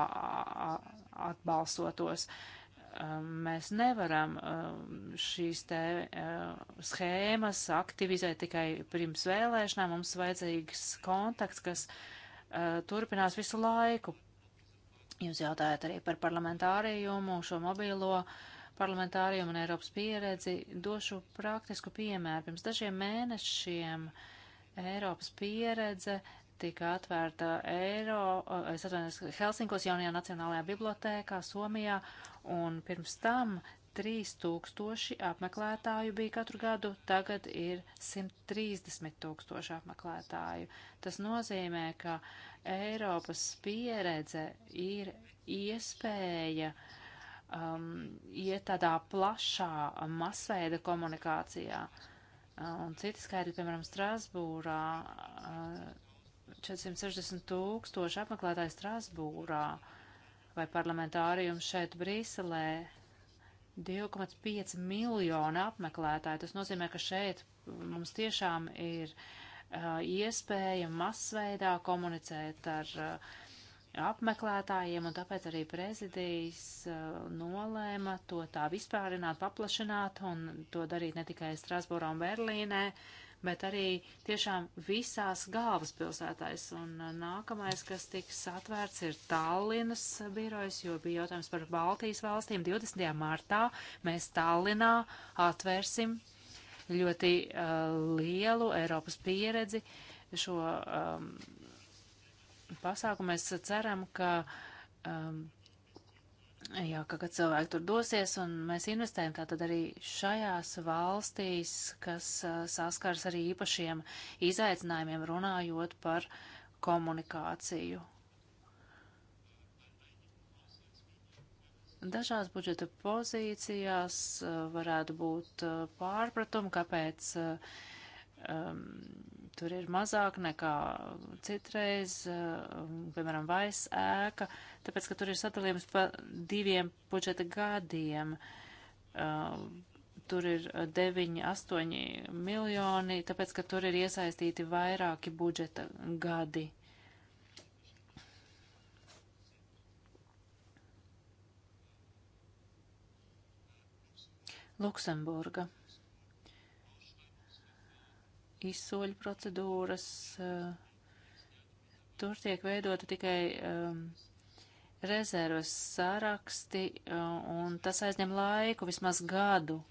atbalsotos um, mēs nevaram um, šīs te uh, schēmas aktivizēt tikai pirms vēlēšanām. Mums vajadzīgs kontakts, kas uh, turpinās visu laiku. Jūs jautājat arī par parlamentārijumu, šo mobīlo uh, parlamentāriem un Eiropas pieredzi, došu praktisku piemēru. Pirms dažiem mēnešiem Eiropas pieredze tika atvērta Eiro, es atvainojos, Helsinkos jaunajā Nacionālajā bibliotēkā Somijā, un pirms tam 3000 apmeklētāju bija katru gadu, tagad ir 130 tūkstoši apmeklētāju. Tas nozīmē, ka Eiropas pieredze ir iespēja uh, um, iet tādā plašā masveida komunikācijā. Uh, un citi skaidri, piemēram, Strasbūrā, 460 uh, tūkstoši apmeklētāji Strasbūrā vai parlamentārijums šeit Brīselē, 2,5 miljoni apmeklētāji. Tas nozīmē, ka šeit mums tiešām ir uh, iespēja masveidā komunicēt ar uh, apmeklētājiem, un tāpēc arī prezidijas uh, nolēma to tā vispārināt, paplašināt un to darīt ne tikai Strasbūrā un Berlīnē, bet arī tiešām visās galvaspilsētās. Un uh, nākamais, kas tiks atvērts, ir Tallinas birojas, jo bija jautājums par Baltijas valstīm. 20. martā mēs Tallinā atvērsim ļoti uh, lielu Eiropas pieredzi šo um, pasākumu. Mēs ceram, ka, um, jā, ka kad cilvēki tur dosies, un mēs investējam tātad arī šajās valstīs, kas uh, saskars arī īpašiem izaicinājumiem runājot par komunikāciju. Dažās budžeta pozīcijās uh, varētu būt uh, pārpratumi, kāpēc uh, um, tur ir mazāk nekā citreiz, eh, piemēram, vais ēka, tāpēc, ka tur ir sadalījums pa diviem budžeta gadiem. Eh, tur ir 9, 8 miljoni, tāpēc, ka tur ir iesaistīti vairāki budžeta gadi. Luksemburga izsoļu procedūras. Eh, tur tiek veidota tikai um, rezerves saraksti, eh, un tas aizņem laiku, vismaz gadu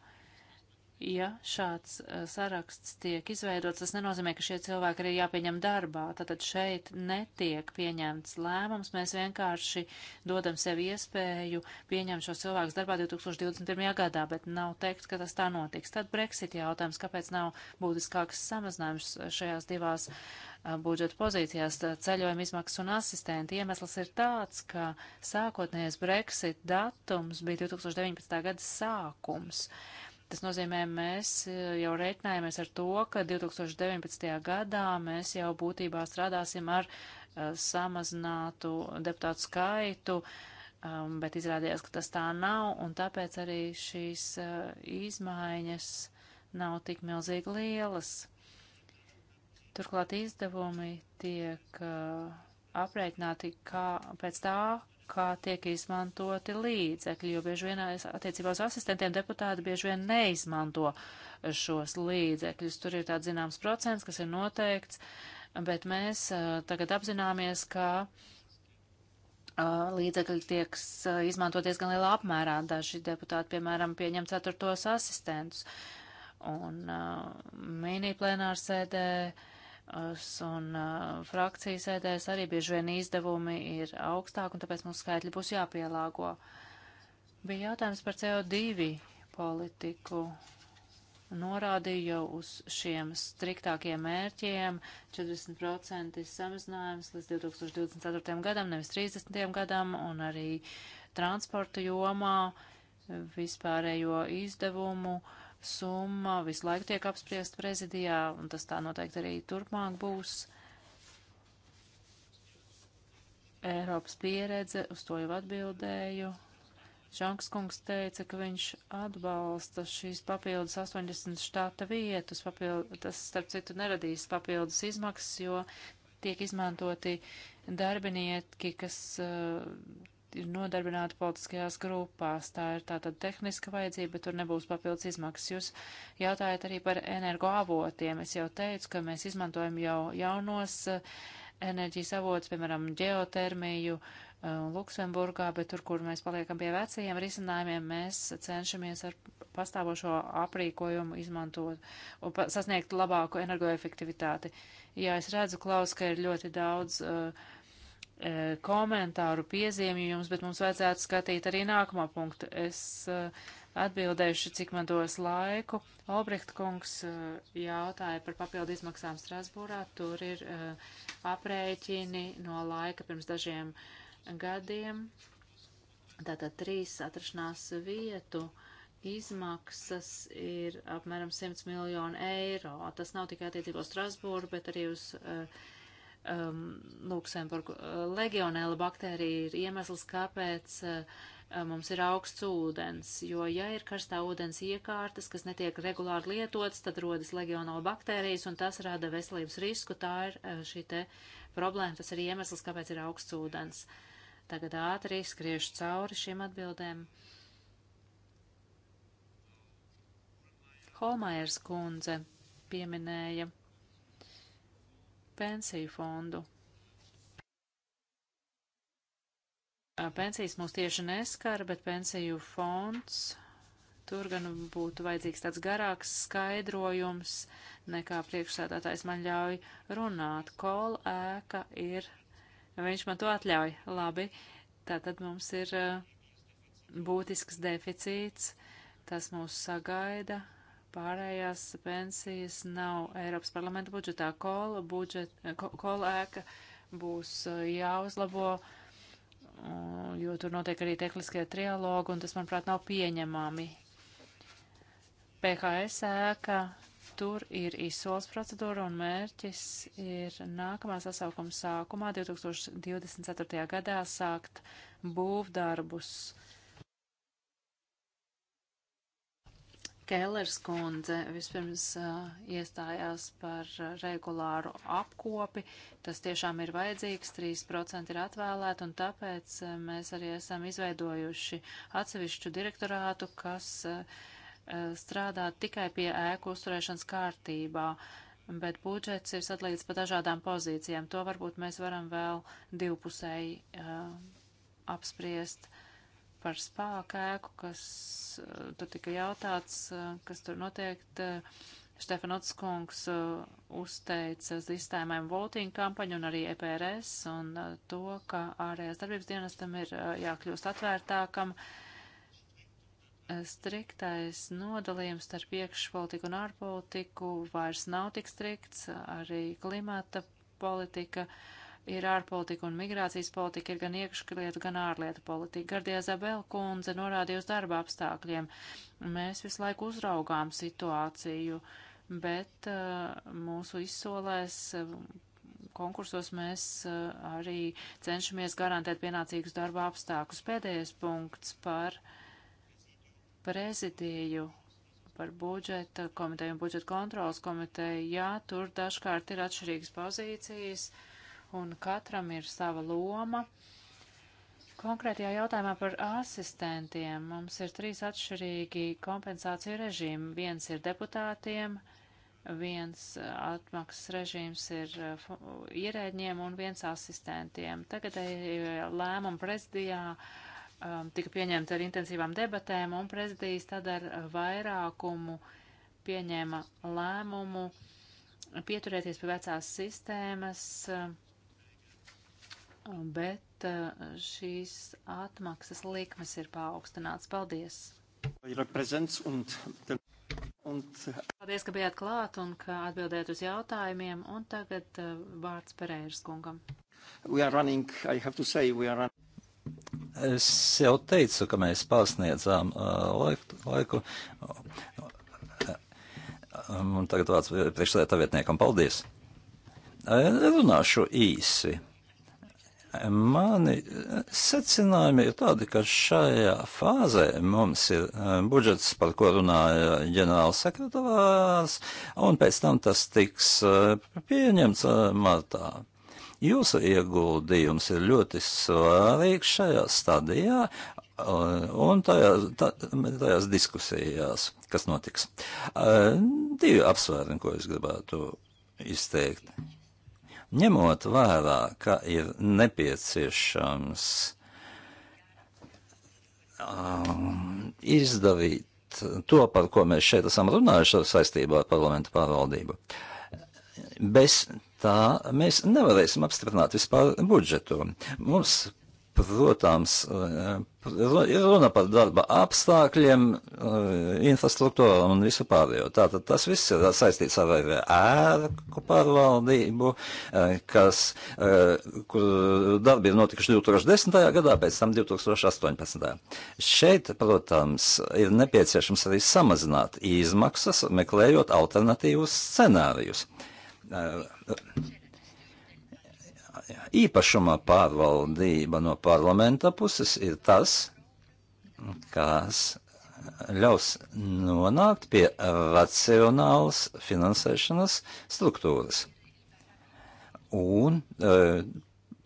ja šāds eh, saraksts tiek izveidots, tas nenozīmē, ka šie cilvēki arī jāpieņem darbā. Tātad šeit netiek pieņemts lēmums, mēs vienkārši dodam sev iespēju pieņemt šos cilvēkus darbā 2021. gadā, bet nav teikt, ka tas tā notiks. Tad Brexit jautājums, kāpēc nav būtiskāks samazinājums šajās divās eh, budžeta pozīcijās ceļojuma izmaksas un asistenti. Iemesls ir tāds, ka sākotnējais Brexit datums bija 2019. gada sākums. Uh, Tas nozīmē, mēs e, jau reiķinājamies ar to, ka 2019. gadā mēs jau būtībā strādāsim ar uh, samazinātu deputātu skaitu, um, bet izrādījās, ka tas tā nav, un tāpēc arī šīs uh, izmaiņas nav tik milzīgi lielas. Turklāt izdevumi tiek uh, aprēķināti kā, pēc tā, kā tiek izmantoti līdzekļi, jo bieži vien attiecībā uz asistentiem deputāti bieži vien neizmanto šos līdzekļus. Tur ir tāds zināms procents, kas ir noteikts, bet mēs tagad apzināmies, ka līdzekļi tiek izmantot diezgan lielā apmērā. Daži deputāti, piemēram, pieņem ceturtos asistentus. Un uh, mini plenārsēdē uh, un uh, frakcijas sēdēs arī bieži vien izdevumi ir augstāki, un tāpēc mums skaitļi būs jāpielāgo. Bija jautājums par CO2 politiku norādīju jau uz šiem striktākiem mērķiem - 40% samazinājums līdz 2024. gadam, nevis 30. gadam, un arī transporta jomā vispārējo izdevumu uh, summa visu laiku tiek apspriest prezidijā, un tas tā noteikti arī turpmāk būs. Eiropas pieredze, uz to jau atbildēju. Žanks kungs teica, ka viņš atbalsta šīs papildus 80 štāta vietas. Papildu, tas, starp citu, neradīs papildus izmaksas, jo tiek izmantoti darbinieki, kas uh, ir nodarbināti politiskajās grupās. Tā ir tātad tehniska vajadzība, bet tur nebūs papildus izmaksas. Jūs jautājat arī par energoavotiem. Es jau teicu, ka mēs izmantojam jau jaunos eh, enerģijas avotus, piemēram, geotermiju eh, Luksemburgā, bet tur, kur mēs paliekam pie vecajiem risinājumiem, mēs cenšamies ar pastāvošo aprīkojumu izmantot un sasniegt labāku energoefektivitāti. Jā, es redzu, Klaus, ka ir ļoti daudz uh, E, komentāru piezīmju jums, bet mums vajadzētu skatīt arī nākamo punktu. Es e, atbildēšu, cik man dos laiku. Obrecht kungs e, jautāja par papildu izmaksām Strasbūrā. Tur ir aprēķini no laika pirms dažiem gadiem. Tātad trīs atrašanās vietu izmaksas ir apmēram 100 miljonu eiro. Tas nav tikai attiecībā uz Strasbūru, bet arī uz uh, um, Luksemburgu. Uh, Legionēla baktērija ir iemesls, kāpēc uh, mums ir augsts ūdens, jo ja ir karstā ūdens iekārtas, kas netiek regulāri lietotas, tad rodas legionāla baktērijas un tas rada veselības risku. Tā ir uh, šī te problēma, tas ir iemesls, kāpēc ir augsts ūdens. Tagad ātri skriešu cauri šiem atbildēm. Holmajers kundze pieminēja pensiju fondu. Pensijas mūs tieši neskar, bet pensiju fonds tur gan būtu vajadzīgs tāds garāks skaidrojums, nekā priekšsēdātājs man ļauj runāt. Kol ēka ir, viņš man to atļauj, labi, tātad mums ir būtisks deficīts, tas mūs sagaida, Pārējās pensijas nav Eiropas parlamenta budžetā. Kola, budžet, kola ēka būs uh, jāuzlabo, jo tur notiek arī tehniskie trialogi, un tas, manuprāt, nav pieņemami. PHS ēka tur ir izsoles procedūra un mērķis ir nākamā sasaukuma sākumā 2024. gadā sākt būvdarbus Kēlers kundze vispirms uh, iestājās par regulāru apkopi. Tas tiešām ir vajadzīgs, 3% ir atvēlēt, un tāpēc uh, mēs arī esam izveidojuši atsevišķu direktorātu, kas uh, strādā tikai pie ēku uzturēšanas kārtībā. Bet budžets ir sadalīts pa dažādām pozīcijām. To varbūt mēs varam vēl divpusēji uh, apspriest. Uh, par spāku ēku, kas eh, tur tika jautāts, eh, kas tur noteikti. Eh, Štefanots kungs uzteica sistēmēm voting kampaņu un arī EPRS un to, ka ārējās darbības dienestam ir jākļūst atvērtākam. Striktais nodalījums starp iekšpolitiku un ārpolitiku vairs nav tik strikts, arī klimata politika. Uh, ir ārpolitika un migrācijas politika, ir gan iekšlietu, gan ārlietu politika. Gardie Zabela kundze norādīja uz darba apstākļiem. Mēs visu laiku uzraugām situāciju, bet uh, mūsu izsolēs. Uh, Konkursos mēs uh, arī cenšamies garantēt pienācīgus darba apstākļus. Pēdējais punkts par prezidiju par budžeta komiteju un budžeta kontrolas komiteju. Jā, tur dažkārt ir atšķirīgas pozīcijas. Uh, un katram ir sava loma. Konkrētajā jautājumā par asistentiem mums ir trīs atšķirīgi kompensāciju režīmi. Viens ir deputātiem, viens atmaksas režīms ir uh, ierēģiem un viens asistentiem. Tagad lēmumu prezidijā um, tika pieņemta ar intensīvām debatēm, un prezidijas tad ar vairākumu pieņēma lēmumu pieturēties pie vecās sistēmas, um, bet eh, šīs atmaksas likmes ir paaugstināts. Paldies! Paldies, ka bijāt klāt un ka atbildējāt uz jautājumiem, un tagad eh, vārds Pereiras kungam. Running, say, es jau teicu, ka mēs pārsniedzām uh, eh, laiku. Un tagad vārds priekšsēdētā vietniekam. Paldies! Runāšu īsi. Mani eh, secinājumi ir tādi, ka šajā fāzē mums ir eh, budžets, par ko runāja ģenerāls sekretārs, un pēc tam tas tiks eh, pieņemts martā. Jūsu ieguldījums ir ļoti svarīgs šajā stadijā un tajās, tajās diskusijās, kas notiks. Divi apsvērumi, ko es gribētu izteikt. Ņemot vērā, ka ir nepieciešams um, izdarīt to, par ko mēs šeit esam runājuši saistībā ar parlamentu pārvaldību. Bez tā mēs nevarēsim apstiprināt vispār budžetu. Mums Protams, eh, runa par darba apstākļiem, eh, infrastruktūru un visu pārējo. Tātad tas viss ir saistīts ar ērku pārvaldību, eh, kas, kur darbi ir notikuši 2010. gadā, pēc tam 2018. Šeit, protams, ir nepieciešams arī samazināt izmaksas, meklējot alternatīvus scenārijus. Uh, īpašuma pārvaldība no parlamenta puses ir tas, kas ļaus nonākt pie racionālas finansēšanas struktūras un e,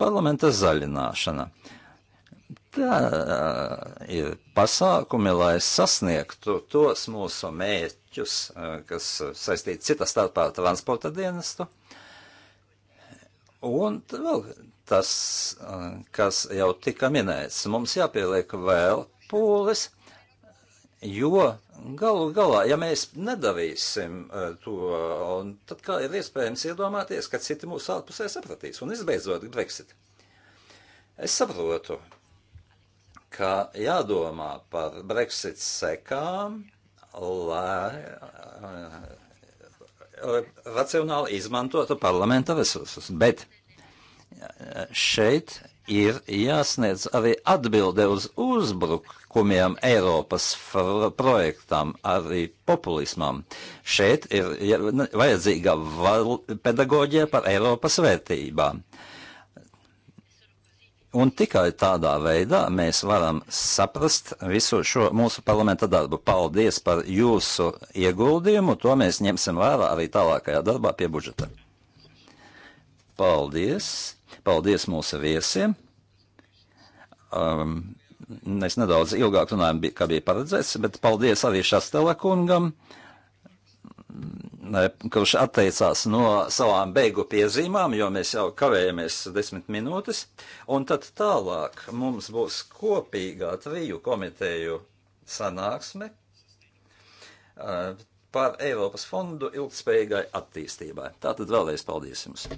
parlamenta zaļināšana. Tā e, ir pasākumi, lai sasniegtu tos mūsu mērķus, e, kas saistīti citas starpā transporta dienestu Un vēl tas, eh, kas jau tika minēts, mums jāpieliek vēl pūles, jo galu galā, ja mēs nedavīsim eh, to, tad kā ir iespējams iedomāties, ka citi mūsu ārpusē sapratīs un izbeidzot Brexit. Es saprotu, ka jādomā par Brexit sekām, lai eh, racionāli izmantotu parlamenta resursus. Bet eh, šeit ir jāsniedz arī atbilde uz uzbrukumiem Eiropas projektam, arī populismam. Šeit ir vajadzīga pedagoģija par Eiropas vērtībām. Un tikai tādā veidā mēs varam saprast visu šo mūsu parlamenta darbu. Paldies par jūsu ieguldījumu, to mēs ņemsim vērā arī tālākajā darbā pie budžeta. Paldies! Paldies mūsu viesiem! Um, mēs nedaudz ilgāk runājam, kā bija paredzēts, bet paldies arī Šastela kungam. Uh, kurš atteicās no savām beigu piezīmām, jo mēs jau kavējamies desmit minūtes, un tad tālāk mums būs kopīgā triju komiteju sanāksme eh, par Eiropas fondu ilgspējīgai attīstībai. Tātad vēlreiz paldies jums!